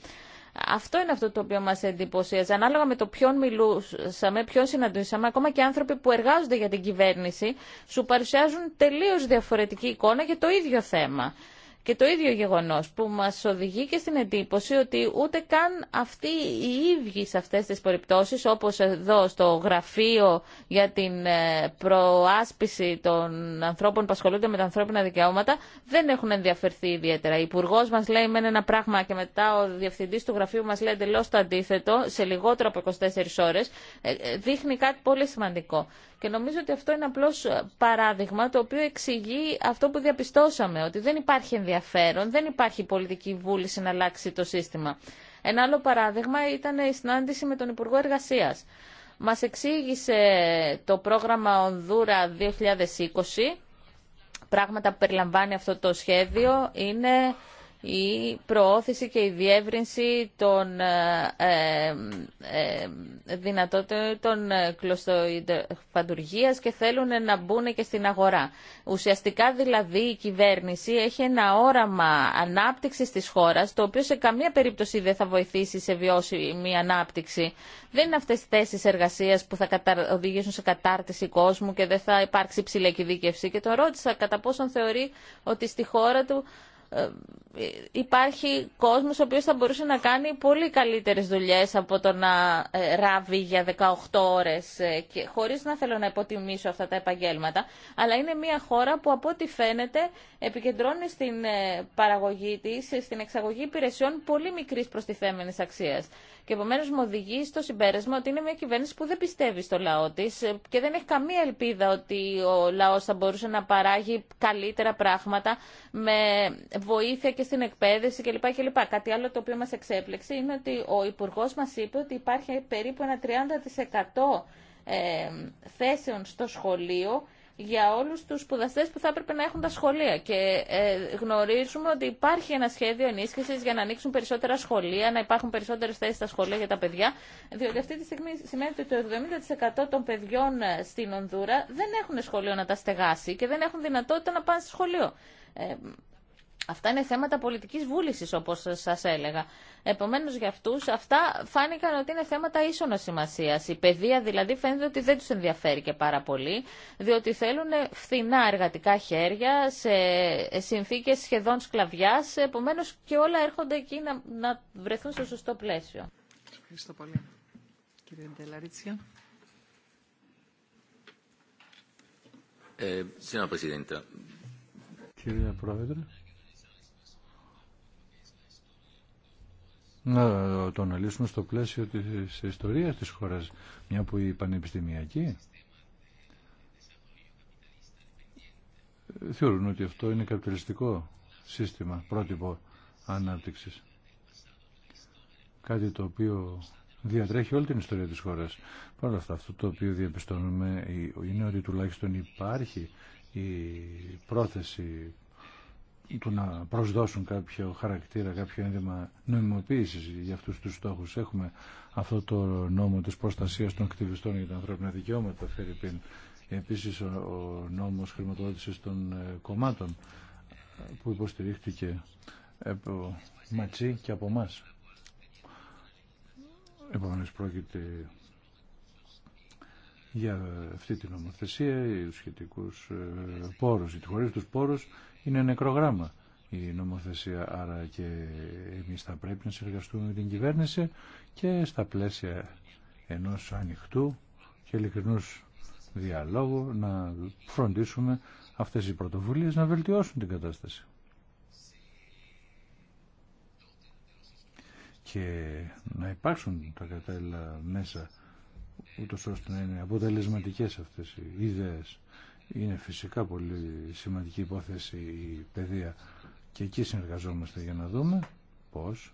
Αυτό είναι αυτό το οποίο μα εντυπωσίαζε. Ανάλογα με το ποιον μιλούσαμε, ποιον συναντούσαμε, ακόμα και άνθρωποι που εργάζονται για την κυβέρνηση, σου παρουσιάζουν τελείω διαφορετική εικόνα για το ίδιο θέμα. Και το ίδιο γεγονός που μας οδηγεί και στην εντύπωση ότι ούτε καν αυτοί οι ίδιοι σε αυτές τις περιπτώσεις, όπως εδώ στο γραφείο για την ε, προάσπιση των ανθρώπων που ασχολούνται με τα ανθρώπινα δικαιώματα, δεν έχουν ενδιαφερθεί ιδιαίτερα. Ο υπουργό μας λέει με ένα πράγμα και μετά ο διευθυντής του γραφείου μας λέει εντελώ το αντίθετο, σε λιγότερο από 24 ώρες, ε, ε, δείχνει κάτι πολύ σημαντικό. Και νομίζω ότι αυτό είναι απλώς ε, παράδειγμα το οποίο εξηγεί αυτό που διαπιστώσαμε, ότι δεν υπάρχει ενδιαφέρον, δεν υπάρχει πολιτική βούληση να αλλάξει το σύστημα. Ένα άλλο παράδειγμα ήταν η συνάντηση με τον Υπουργό Εργασίας. Μας εξήγησε το πρόγραμμα Ονδούρα 2020, πράγματα που περιλαμβάνει αυτό το σχέδιο είναι η προώθηση και η διεύρυνση των ε, ε, ε δυνατότητων κλωστοφαντουργίας και θέλουν να μπουν και στην αγορά. Ουσιαστικά δηλαδή η κυβέρνηση έχει ένα όραμα ανάπτυξης της χώρας, το οποίο σε καμία περίπτωση δεν θα βοηθήσει σε βιώσιμη ανάπτυξη. Δεν είναι αυτές οι θέσεις εργασίας που θα οδηγήσουν σε κατάρτιση κόσμου και δεν θα υπάρξει ψηλή και τον ρώτησα κατά πόσον θεωρεί ότι στη χώρα του ε, υπάρχει κόσμος ο οποίος θα μπορούσε να κάνει πολύ καλύτερες δουλειές από το να ε, ράβει για 18 ώρες ε, και χωρίς να θέλω να υποτιμήσω αυτά τα επαγγέλματα αλλά είναι μια χώρα που από ό,τι φαίνεται επικεντρώνει στην παραγωγή της στην εξαγωγή υπηρεσιών πολύ μικρής προστιθέμενης αξίας και επομένω μου οδηγεί στο συμπέρασμα ότι είναι μια κυβέρνηση που δεν πιστεύει στο λαό τη ε, και δεν έχει καμία ελπίδα ότι ο λαό θα μπορούσε να παράγει καλύτερα πράγματα με βοήθεια και στην εκπαίδευση κλπ. κλπ. Κάτι άλλο το οποίο μα εξέπλεξε είναι ότι ο Υπουργό μα είπε ότι υπάρχει περίπου ένα 30% ε, θέσεων στο σχολείο για όλους τους σπουδαστές που θα έπρεπε να έχουν τα σχολεία. Και ε, γνωρίζουμε ότι υπάρχει ένα σχέδιο ενίσχυσης για να ανοίξουν περισσότερα σχολεία, να υπάρχουν περισσότερες θέσεις στα σχολεία για τα παιδιά, διότι αυτή τη στιγμή σημαίνει ότι το 70% των παιδιών ε, στην Ονδούρα δεν έχουν σχολείο να τα στεγάσει και δεν έχουν δυνατότητα να πάνε στο σχολείο. Ε, Αυτά είναι θέματα πολιτική βούληση, όπω σα έλεγα. Επομένω για αυτούς, αυτά φάνηκαν ότι είναι θέματα ίσονα σημασία. Η παιδεία, δηλαδή, φαίνεται ότι δεν του ενδιαφέρει και πάρα πολύ, διότι θέλουν φθηνά εργατικά χέρια, σε συνθήκε σχεδόν σκλαβιά. Επομένω και όλα έρχονται εκεί να, βρεθούν στο σωστό πλαίσιο. Ευχαριστώ πολύ, κύριε Ντελαρίτσια. Ε, Κύριε Πρόεδρε, να το αναλύσουμε στο πλαίσιο της ιστορίας της χώρας, μια που η πανεπιστημιακή θεωρούν ότι αυτό είναι καπιταλιστικό σύστημα, πρότυπο ανάπτυξης. Κάτι το οποίο διατρέχει όλη την ιστορία της χώρας. Παρ' όλα αυτά, αυτό το οποίο διαπιστώνουμε είναι ότι τουλάχιστον υπάρχει η πρόθεση του να προσδώσουν κάποιο χαρακτήρα, κάποιο ένδυμα νομιμοποίηση για αυτού του στόχου. Έχουμε αυτό το νόμο της προστασία των ακτιβιστών για τα ανθρώπινα δικαιώματα, Φερρυπίν. Επίσης ο, ο νόμος χρηματοδότησης των ε, κομμάτων ε, που υποστηρίχθηκε από Ματσί και από εμά. Επομένω πρόκειται για αυτή την νομοθεσία, του σχετικούς ε, πόρου. οι χωρί τους πόρους είναι νεκρογράμμα η νομοθεσία, άρα και εμεί θα πρέπει να συνεργαστούμε με την κυβέρνηση και στα πλαίσια ενό ανοιχτού και ειλικρινού διαλόγου να φροντίσουμε αυτές οι πρωτοβουλίε να βελτιώσουν την κατάσταση. Και να υπάρξουν τα κατάλληλα μέσα ούτως ώστε να είναι αποτελεσματικές αυτές οι ιδέες. Είναι φυσικά πολύ σημαντική υπόθεση η παιδεία και εκεί συνεργαζόμαστε για να δούμε πώς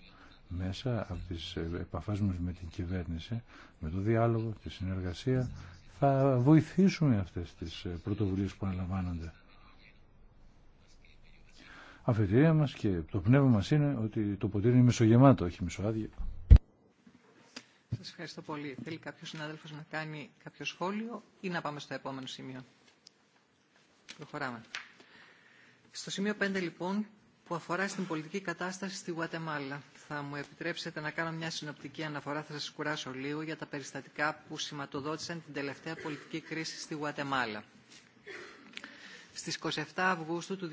μέσα από τις επαφές μας με την κυβέρνηση, με το διάλογο, τη συνεργασία, θα βοηθήσουμε αυτές τις πρωτοβουλίες που αναλαμβάνονται. Αφετηρία μας και το πνεύμα μας είναι ότι το ποτήρι είναι μισογεμάτο, όχι μισοάδιο. Σας ευχαριστώ πολύ. Θέλει κάποιος συνάδελφος να κάνει κάποιο σχόλιο ή να πάμε στο επόμενο σημείο. Προχωράμε. Στο σημείο 5 λοιπόν που αφορά στην πολιτική κατάσταση στη Γουατεμάλα. Θα μου επιτρέψετε να κάνω μια συνοπτική αναφορά, θα σας κουράσω λίγο, για τα περιστατικά που σηματοδότησαν την τελευταία πολιτική κρίση στη Γουατεμάλα. Στις 27 Αυγούστου του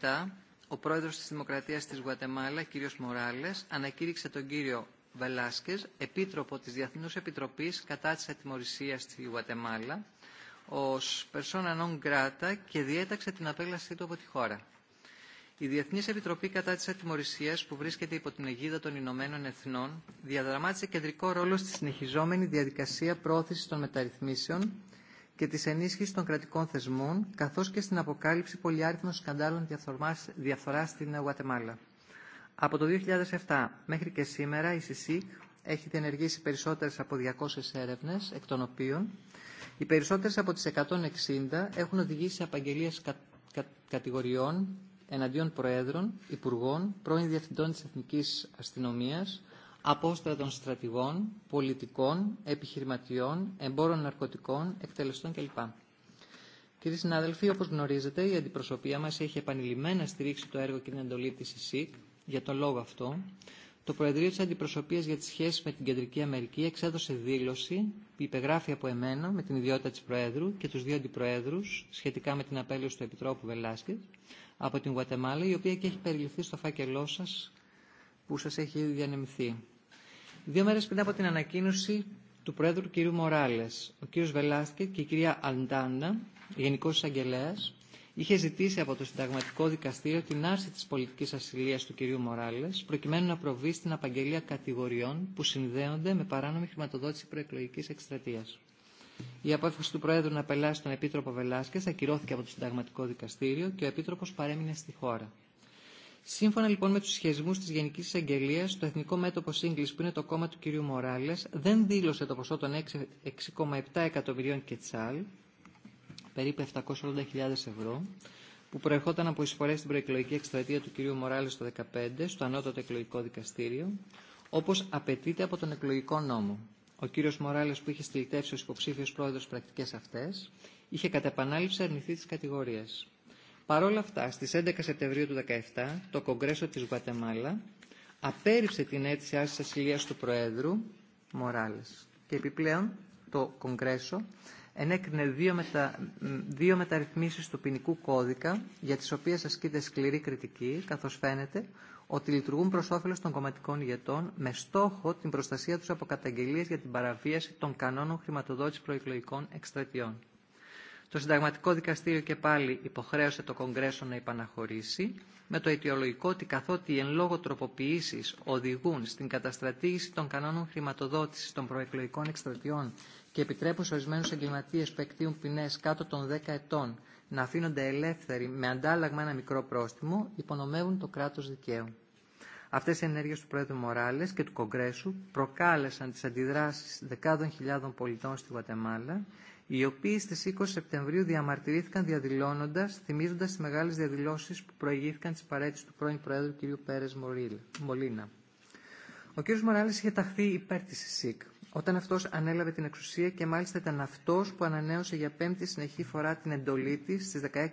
2017, ο πρόεδρος της Δημοκρατίας της Γουατεμάλα, κύριος Μοράλες, ανακήρυξε τον κύριο Βελάσκες, επίτροπο της Διεθνούς Επιτροπής κατά της ατιμορρησίας στη Γουατεμάλα, ως persona non grata και διέταξε την απέλασή του από τη χώρα. Η Διεθνής Επιτροπή κατά της ατιμορρησίας που βρίσκεται υπό την αιγίδα των Ηνωμένων Εθνών διαδραμάτισε κεντρικό ρόλο στη συνεχιζόμενη διαδικασία πρόθεση των μεταρρυθμίσεων και της ενίσχυσης των κρατικών θεσμών καθώς και στην αποκάλυψη πολυάριθμων σκαντάλων διαφθοράς στην Γουατεμάλα. Από το 2007 μέχρι και σήμερα η ΣΥΣΥΚ έχει διενεργήσει περισσότερες από 200 έρευνες, εκ των οποίων οι περισσότερες από τις 160 έχουν οδηγήσει σε απαγγελίες κατηγοριών εναντίον προέδρων, υπουργών, πρώην διευθυντών της Εθνικής Αστυνομίας, απόστρατων στρατηγών, πολιτικών, επιχειρηματιών, εμπόρων ναρκωτικών, εκτελεστών κλπ. Κύριοι συνάδελφοι, όπως γνωρίζετε, η αντιπροσωπεία μας έχει επανειλημμένα στηρίξει το έργο και την εντολή της ΕΣΥΚ για τον λόγο αυτό, το Προεδρείο της Αντιπροσωπείας για τις σχέσεις με την Κεντρική Αμερική εξέδωσε δήλωση που υπεγράφει από εμένα με την ιδιότητα της Προέδρου και τους δύο αντιπροέδρους σχετικά με την απέλευση του Επιτρόπου Βελάσκετ από την Γουατεμάλα, η οποία και έχει περιληφθεί στο φάκελό σας που σας έχει ήδη διανεμηθεί. Δύο μέρες πριν από την ανακοίνωση του Πρόεδρου κ. Μοράλες, ο κ. Βελάσκετ και η κυρία Αντάντα, Γενικός Εισαγγελέας, είχε ζητήσει από το Συνταγματικό Δικαστήριο την άρση της πολιτικής ασυλίας του κυρίου Μοράλες προκειμένου να προβεί στην απαγγελία κατηγοριών που συνδέονται με παράνομη χρηματοδότηση προεκλογικής εκστρατείας. Η απόφαση του Προέδρου να πελάσει τον Επίτροπο Βελάσκες ακυρώθηκε από το Συνταγματικό Δικαστήριο και ο Επίτροπος παρέμεινε στη χώρα. Σύμφωνα λοιπόν με του σχεσμού τη Γενική Εισαγγελία, το Εθνικό Μέτωπο Σύγκληση, που είναι το κόμμα του κ. Μοράλε, δεν δήλωσε το ποσό των 6,7 εκατομμυρίων κετσάλ, περίπου 780.000 ευρώ που προερχόταν από εισφορέ στην προεκλογική εκστρατεία του κ. Μόράλε το 2015 στο Ανώτατο Εκλογικό Δικαστήριο, όπω απαιτείται από τον εκλογικό νόμο. Ο κ. Μοράλε που είχε στυλιτεύσει ω υποψήφιο πρόεδρο πρακτικέ αυτέ, είχε κατά επανάληψη αρνηθεί τι κατηγορίε. Παρ' όλα αυτά, στι 11 Σεπτεμβρίου του 2017, το Κογκρέσο τη Γουατεμάλα απέρριψε την αίτηση άρσης ασυλία του Προέδρου Μοράλε. Και επιπλέον, το Κογκρέσο ενέκρινε δύο, μετα... δύο μεταρρυθμίσεις του ποινικού κώδικα, για τις οποίες ασκείται σκληρή κριτική, καθώς φαίνεται ότι λειτουργούν προς όφελος των κομματικών ηγετών με στόχο την προστασία τους από καταγγελίες για την παραβίαση των κανόνων χρηματοδότησης προεκλογικών εκστρατιών. Το Συνταγματικό Δικαστήριο και πάλι υποχρέωσε το Κογκρέσο να υπαναχωρήσει, με το αιτιολογικό ότι καθότι εν λόγω τροποποιήσει οδηγούν στην καταστρατήγηση των κανόνων χρηματοδότηση των προεκλογικών εκστρατιών και επιτρέπουν σε ορισμένου εγκληματίε που εκτείουν ποινέ κάτω των 10 ετών να αφήνονται ελεύθεροι με αντάλλαγμα ένα μικρό πρόστιμο, υπονομεύουν το κράτο δικαίου. Αυτέ οι ενέργειε του Πρόεδρου Μοράλε και του Κογκρέσου προκάλεσαν τι αντιδράσει δεκάδων χιλιάδων πολιτών στη Γουατεμάλα οι οποίοι στις 20 Σεπτεμβρίου διαμαρτυρήθηκαν διαδηλώνοντας, θυμίζοντας τις μεγάλες διαδηλώσεις που προηγήθηκαν της παρέτησης του πρώην Προέδρου κ. Πέρες Μολίνα. Ο κ. Μοράλης είχε ταχθεί υπέρ της ΣΥΚ, όταν αυτός ανέλαβε την εξουσία και μάλιστα ήταν αυτός που ανανέωσε για πέμπτη συνεχή φορά την εντολή της στις 16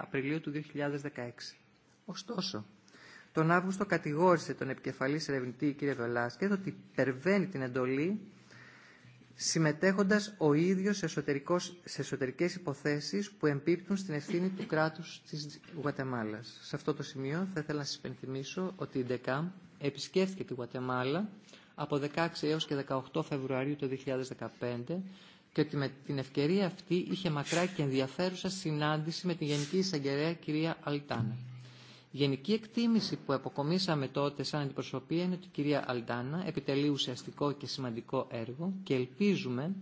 Απριλίου του 2016. Ωστόσο, τον Αύγουστο κατηγόρησε τον επικεφαλής ερευνητή κ. Βελάσκετ ότι υπερβαίνει την εντολή συμμετέχοντας ο ίδιος σε, εσωτερικές υποθέσεις που εμπίπτουν στην ευθύνη του κράτους της Γουατεμάλας. Σε αυτό το σημείο θα ήθελα να σας υπενθυμίσω ότι η ΔΕΚΑΜ επισκέφθηκε τη Γουατεμάλα από 16 έως και 18 Φεβρουαρίου του 2015 και ότι με την ευκαιρία αυτή είχε μακρά και ενδιαφέρουσα συνάντηση με την Γενική Εισαγγελέα κυρία Αλτάνα γενική εκτίμηση που αποκομίσαμε τότε σαν αντιπροσωπεία είναι ότι η κυρία Αλντάνα επιτελεί ουσιαστικό και σημαντικό έργο και ελπίζουμε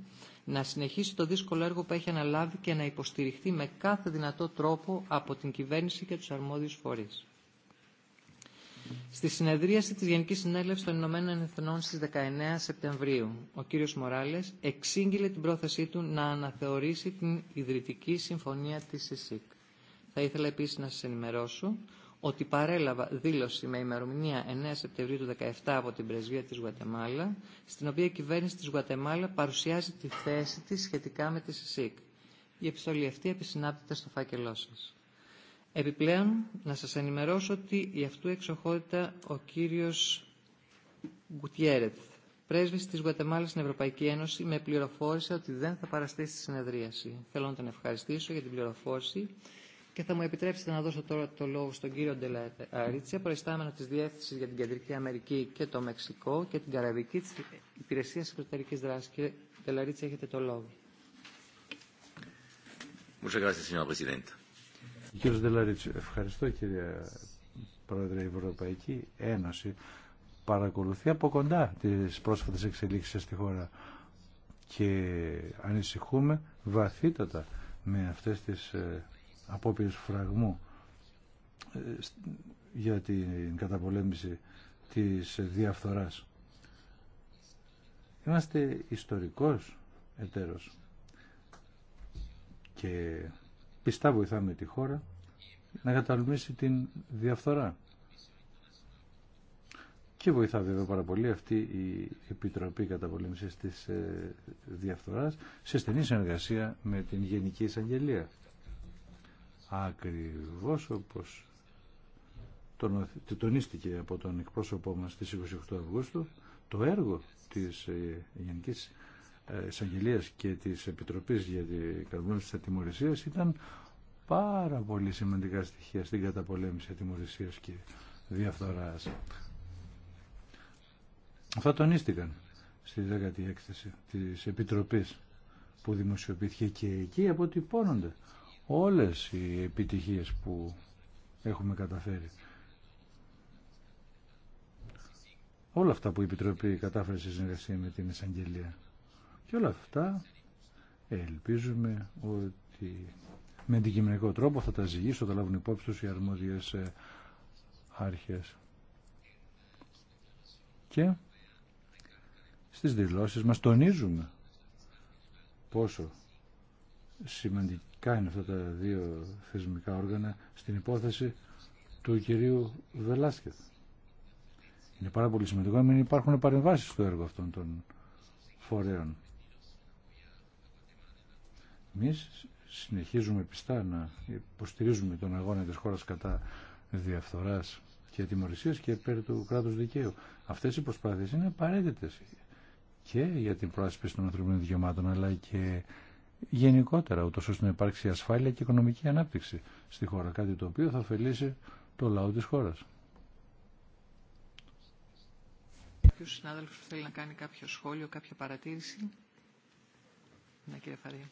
να συνεχίσει το δύσκολο έργο που έχει αναλάβει και να υποστηριχθεί με κάθε δυνατό τρόπο από την κυβέρνηση και τους αρμόδιους φορείς. Στη συνεδρίαση της Γενικής Συνέλευσης των Ηνωμένων Εθνών στις 19 Σεπτεμβρίου, ο κύριος Μοράλες εξήγηλε την πρόθεσή του να αναθεωρήσει την Ιδρυτική Συμφωνία της ΕΣΥΚ. Θα ήθελα επίσης να σας ενημερώσω ότι παρέλαβα δήλωση με ημερομηνία 9 Σεπτεμβρίου του 2017 από την Πρεσβεία της Γουατεμάλα, στην οποία η κυβέρνηση της Γουατεμάλα παρουσιάζει τη θέση της σχετικά με τη ΣΥΣΥΚ. Η επιστολή αυτή επισυνάπτεται στο φάκελό σας. Επιπλέον, να σας ενημερώσω ότι η αυτού εξοχότητα ο κύριος Γκουτιέρετ, πρέσβης της Γουατεμάλα στην Ευρωπαϊκή Ένωση, με πληροφόρησε ότι δεν θα παραστεί στη συνεδρίαση. Θέλω να τον ευχαριστήσω για την πληροφόρηση και θα μου επιτρέψετε να δώσω τώρα το λόγο στον κύριο Ντελαρίτσια, προϊστάμενο τη Διεύθυνση για την Κεντρική Αμερική και το Μεξικό και την Καραβική τη Υπηρεσία Εξωτερική Δράση. Κύριε Ντελαρίτσια, έχετε το λόγο. Κύριε Ντελαρίτσια, ευχαριστώ κύριε Πρόεδρε. Ευρωπαϊκή Ένωση παρακολουθεί από κοντά τι πρόσφατε εξελίξει στη χώρα και ανησυχούμε βαθύτατα με αυτές τις ε, απόπειρες φραγμού ε, για την καταπολέμηση της διαφθοράς. Είμαστε ιστορικός εταίρος και πιστά βοηθάμε τη χώρα να καταλμίσει την διαφθορά. Και βοηθά βέβαια πάρα πολύ αυτή η Επιτροπή Καταπολέμησης της ε, Διαφθοράς σε στενή συνεργασία με την Γενική Εισαγγελία. Ακριβώς όπως τονίστηκε από τον εκπρόσωπό μας στις 28 Αυγούστου, το έργο της ε, Γενικής ε, Εισαγγελίας και της Επιτροπής για την Καρβούνωση της Ατιμορρησίας ήταν πάρα πολύ σημαντικά στοιχεία στην καταπολέμηση ατιμορρησίας και διαφθοράς. Αυτά τονίστηκαν στη 16 η έκθεση της Επιτροπής που δημοσιοποιήθηκε και εκεί αποτυπώνονται όλες οι επιτυχίες που έχουμε καταφέρει. Όλα αυτά που η Επιτροπή κατάφερε σε συνεργασία με την Εισαγγελία. Και όλα αυτά ελπίζουμε ότι με αντικειμενικό τρόπο θα τα ζυγίσουν, θα τα λάβουν υπόψη τους οι αρμόδιες ε, άρχες. Και στις δηλώσεις μας τονίζουμε πόσο σημαντική κάνει αυτά τα δύο θεσμικά όργανα στην υπόθεση του κυρίου Βελάσκεθ. Είναι πάρα πολύ σημαντικό να μην υπάρχουν παρεμβάσεις στο έργο αυτών των φορέων. Εμεί συνεχίζουμε πιστά να υποστηρίζουμε τον αγώνα της χώρας κατά διαφθοράς και ατιμορρησίας και πέρα του κράτους δικαίου. Αυτές οι προσπάθειες είναι απαραίτητε και για την προάσπιση των ανθρωπίνων δικαιωμάτων αλλά και γενικότερα, ούτως ώστε να υπάρξει ασφάλεια και οικονομική ανάπτυξη στη χώρα, κάτι το οποίο θα ωφελήσει το λαό της χώρας. Ποιος συνάδελφος θέλει να κάνει κάποιο σχόλιο, κάποια παρατήρηση. Να κύριε Φαρία.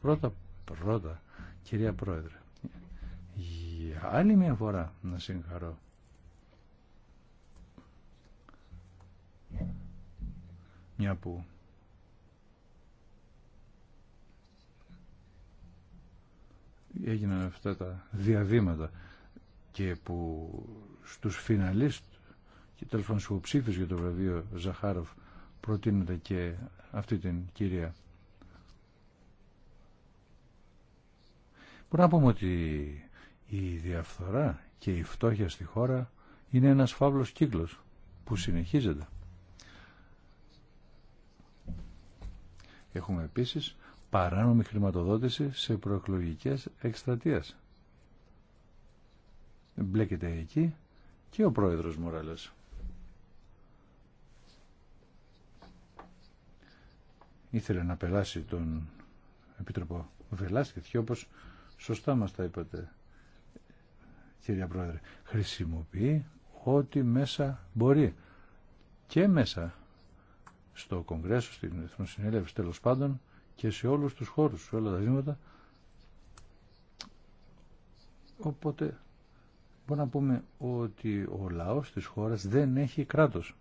Πρώτα, πρώτα, κυρία Πρόεδρε, για άλλη μια φορά να συγχαρώ μια που έγιναν αυτά τα διαβήματα και που στους φιναλίστ και τέλος πάντων ψήφου για το βραβείο Ζαχάροφ προτείνεται και αυτή την κυρία. Μπορούμε να πούμε ότι η διαφθορά και η φτώχεια στη χώρα είναι ένας φαύλος κύκλος που συνεχίζεται. Έχουμε επίσης παράνομη χρηματοδότηση σε προεκλογικές εκστρατείες. Μπλέκεται εκεί και ο πρόεδρος Μοράλες. Ήθελε να πελάσει τον Επίτροπο και όπως σωστά μας τα είπατε κυρία Πρόεδρε. Χρησιμοποιεί ό,τι μέσα μπορεί και μέσα στο Κογκρέσο, στην Εθνοσυνέλευση τέλο πάντων και σε όλους τους χώρους, σε όλα τα βήματα. Οπότε μπορούμε να πούμε ότι ο λαός της χώρας δεν έχει κράτος.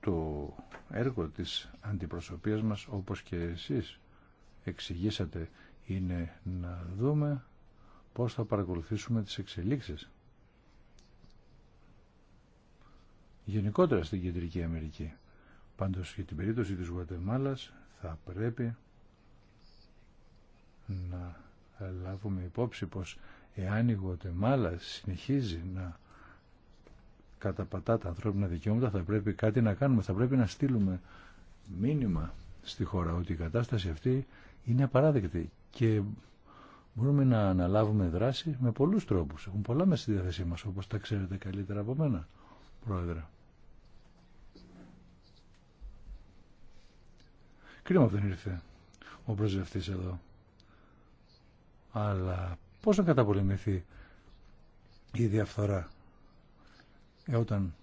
Το έργο της αντιπροσωπείας μας, όπως και εσείς εξηγήσατε, είναι να δούμε πώς θα παρακολουθήσουμε τις εξελίξεις. Γενικότερα στην Κεντρική Αμερική. Πάντως για την περίπτωση της Γουατεμάλας θα πρέπει να λάβουμε υπόψη πως εάν η Γουατεμάλα συνεχίζει να καταπατά τα ανθρώπινα δικαιώματα θα πρέπει κάτι να κάνουμε, θα πρέπει να στείλουμε μήνυμα στη χώρα ότι η κατάσταση αυτή είναι απαράδεκτη και Μπορούμε να αναλάβουμε δράση με πολλούς τρόπους. Έχουν πολλά μέσα στη διάθεσή μας, όπως τα ξέρετε καλύτερα από μένα, Πρόεδρε. Κρίμα που δεν ήρθε ο προσβευτής εδώ. Αλλά πώς να καταπολεμηθεί η διαφθορά ε, όταν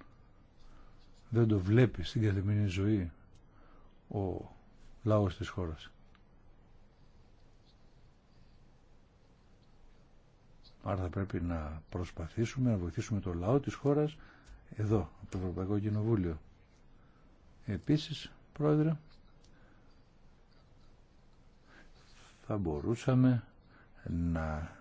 δεν το βλέπει στην καθημερινή ζωή ο λαός της χώρας. Άρα θα πρέπει να προσπαθήσουμε να βοηθήσουμε το λαό της χώρας εδώ, από το Ευρωπαϊκό Κοινοβούλιο. Επίσης, Πρόεδρε, θα μπορούσαμε να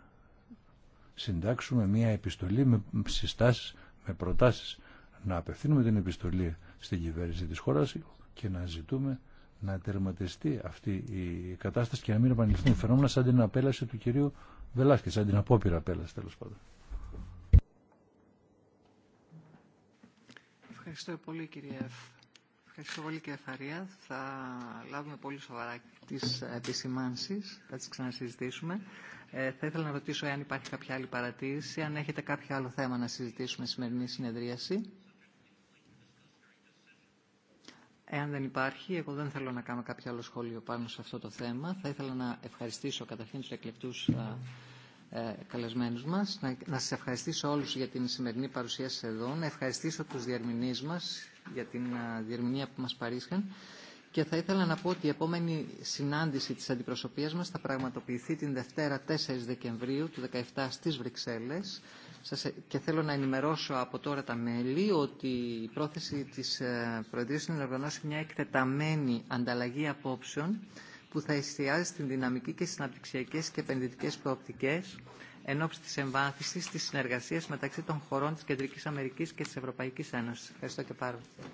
συντάξουμε μία επιστολή με συστάσεις, με προτάσεις. Να απευθύνουμε την επιστολή στην κυβέρνηση της χώρας και να ζητούμε να τερματιστεί αυτή η κατάσταση και να μην φαινόμενα σαν την απέλαση του κυρίου Βελάσκες, σαν την απόπειρα πέλας τέλος πάντων. Ευχαριστώ πολύ κύριε Ευχαριστώ πολύ κύριε Φαρία. Θα λάβουμε πολύ σοβαρά τις επισημάνσεις, θα τις ξανασυζητήσουμε. Ε, θα ήθελα να ρωτήσω αν υπάρχει κάποια άλλη παρατήρηση, αν έχετε κάποιο άλλο θέμα να συζητήσουμε σημερινή συνεδρίαση. Εάν δεν υπάρχει, εγώ δεν θέλω να κάνω κάποιο άλλο σχόλιο πάνω σε αυτό το θέμα. Θα ήθελα να ευχαριστήσω καταρχήν τους εκλεπτούς ε, καλεσμένους μας, να, να σας ευχαριστήσω όλους για την σημερινή παρουσία σα. εδώ, να ευχαριστήσω τους διερμηνείς μας για την διερμηνία που μας παρήσχαν. Και θα ήθελα να πω ότι η επόμενη συνάντηση της αντιπροσωπείας μας θα πραγματοποιηθεί την Δευτέρα 4 Δεκεμβρίου του 2017 στις Βρυξέλλες. Ε, και θέλω να ενημερώσω από τώρα τα μέλη ότι η πρόθεση της ε, Προεδρίας είναι να οργανώσει μια εκτεταμένη ανταλλαγή απόψεων που θα εστιάζει στην δυναμική και στις αναπτυξιακές και επενδυτικές προοπτικές εν ώψη της εμβάθυνση της συνεργασίας μεταξύ των χωρών της Κεντρικής Αμερικής και της Ευρωπαϊκής Ένωσης. Ευχαριστώ και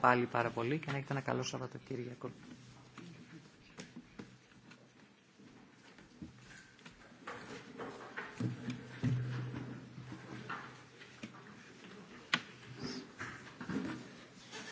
πάλι πάρα πολύ και να έχετε ένα καλό Σαββατοκύριακο.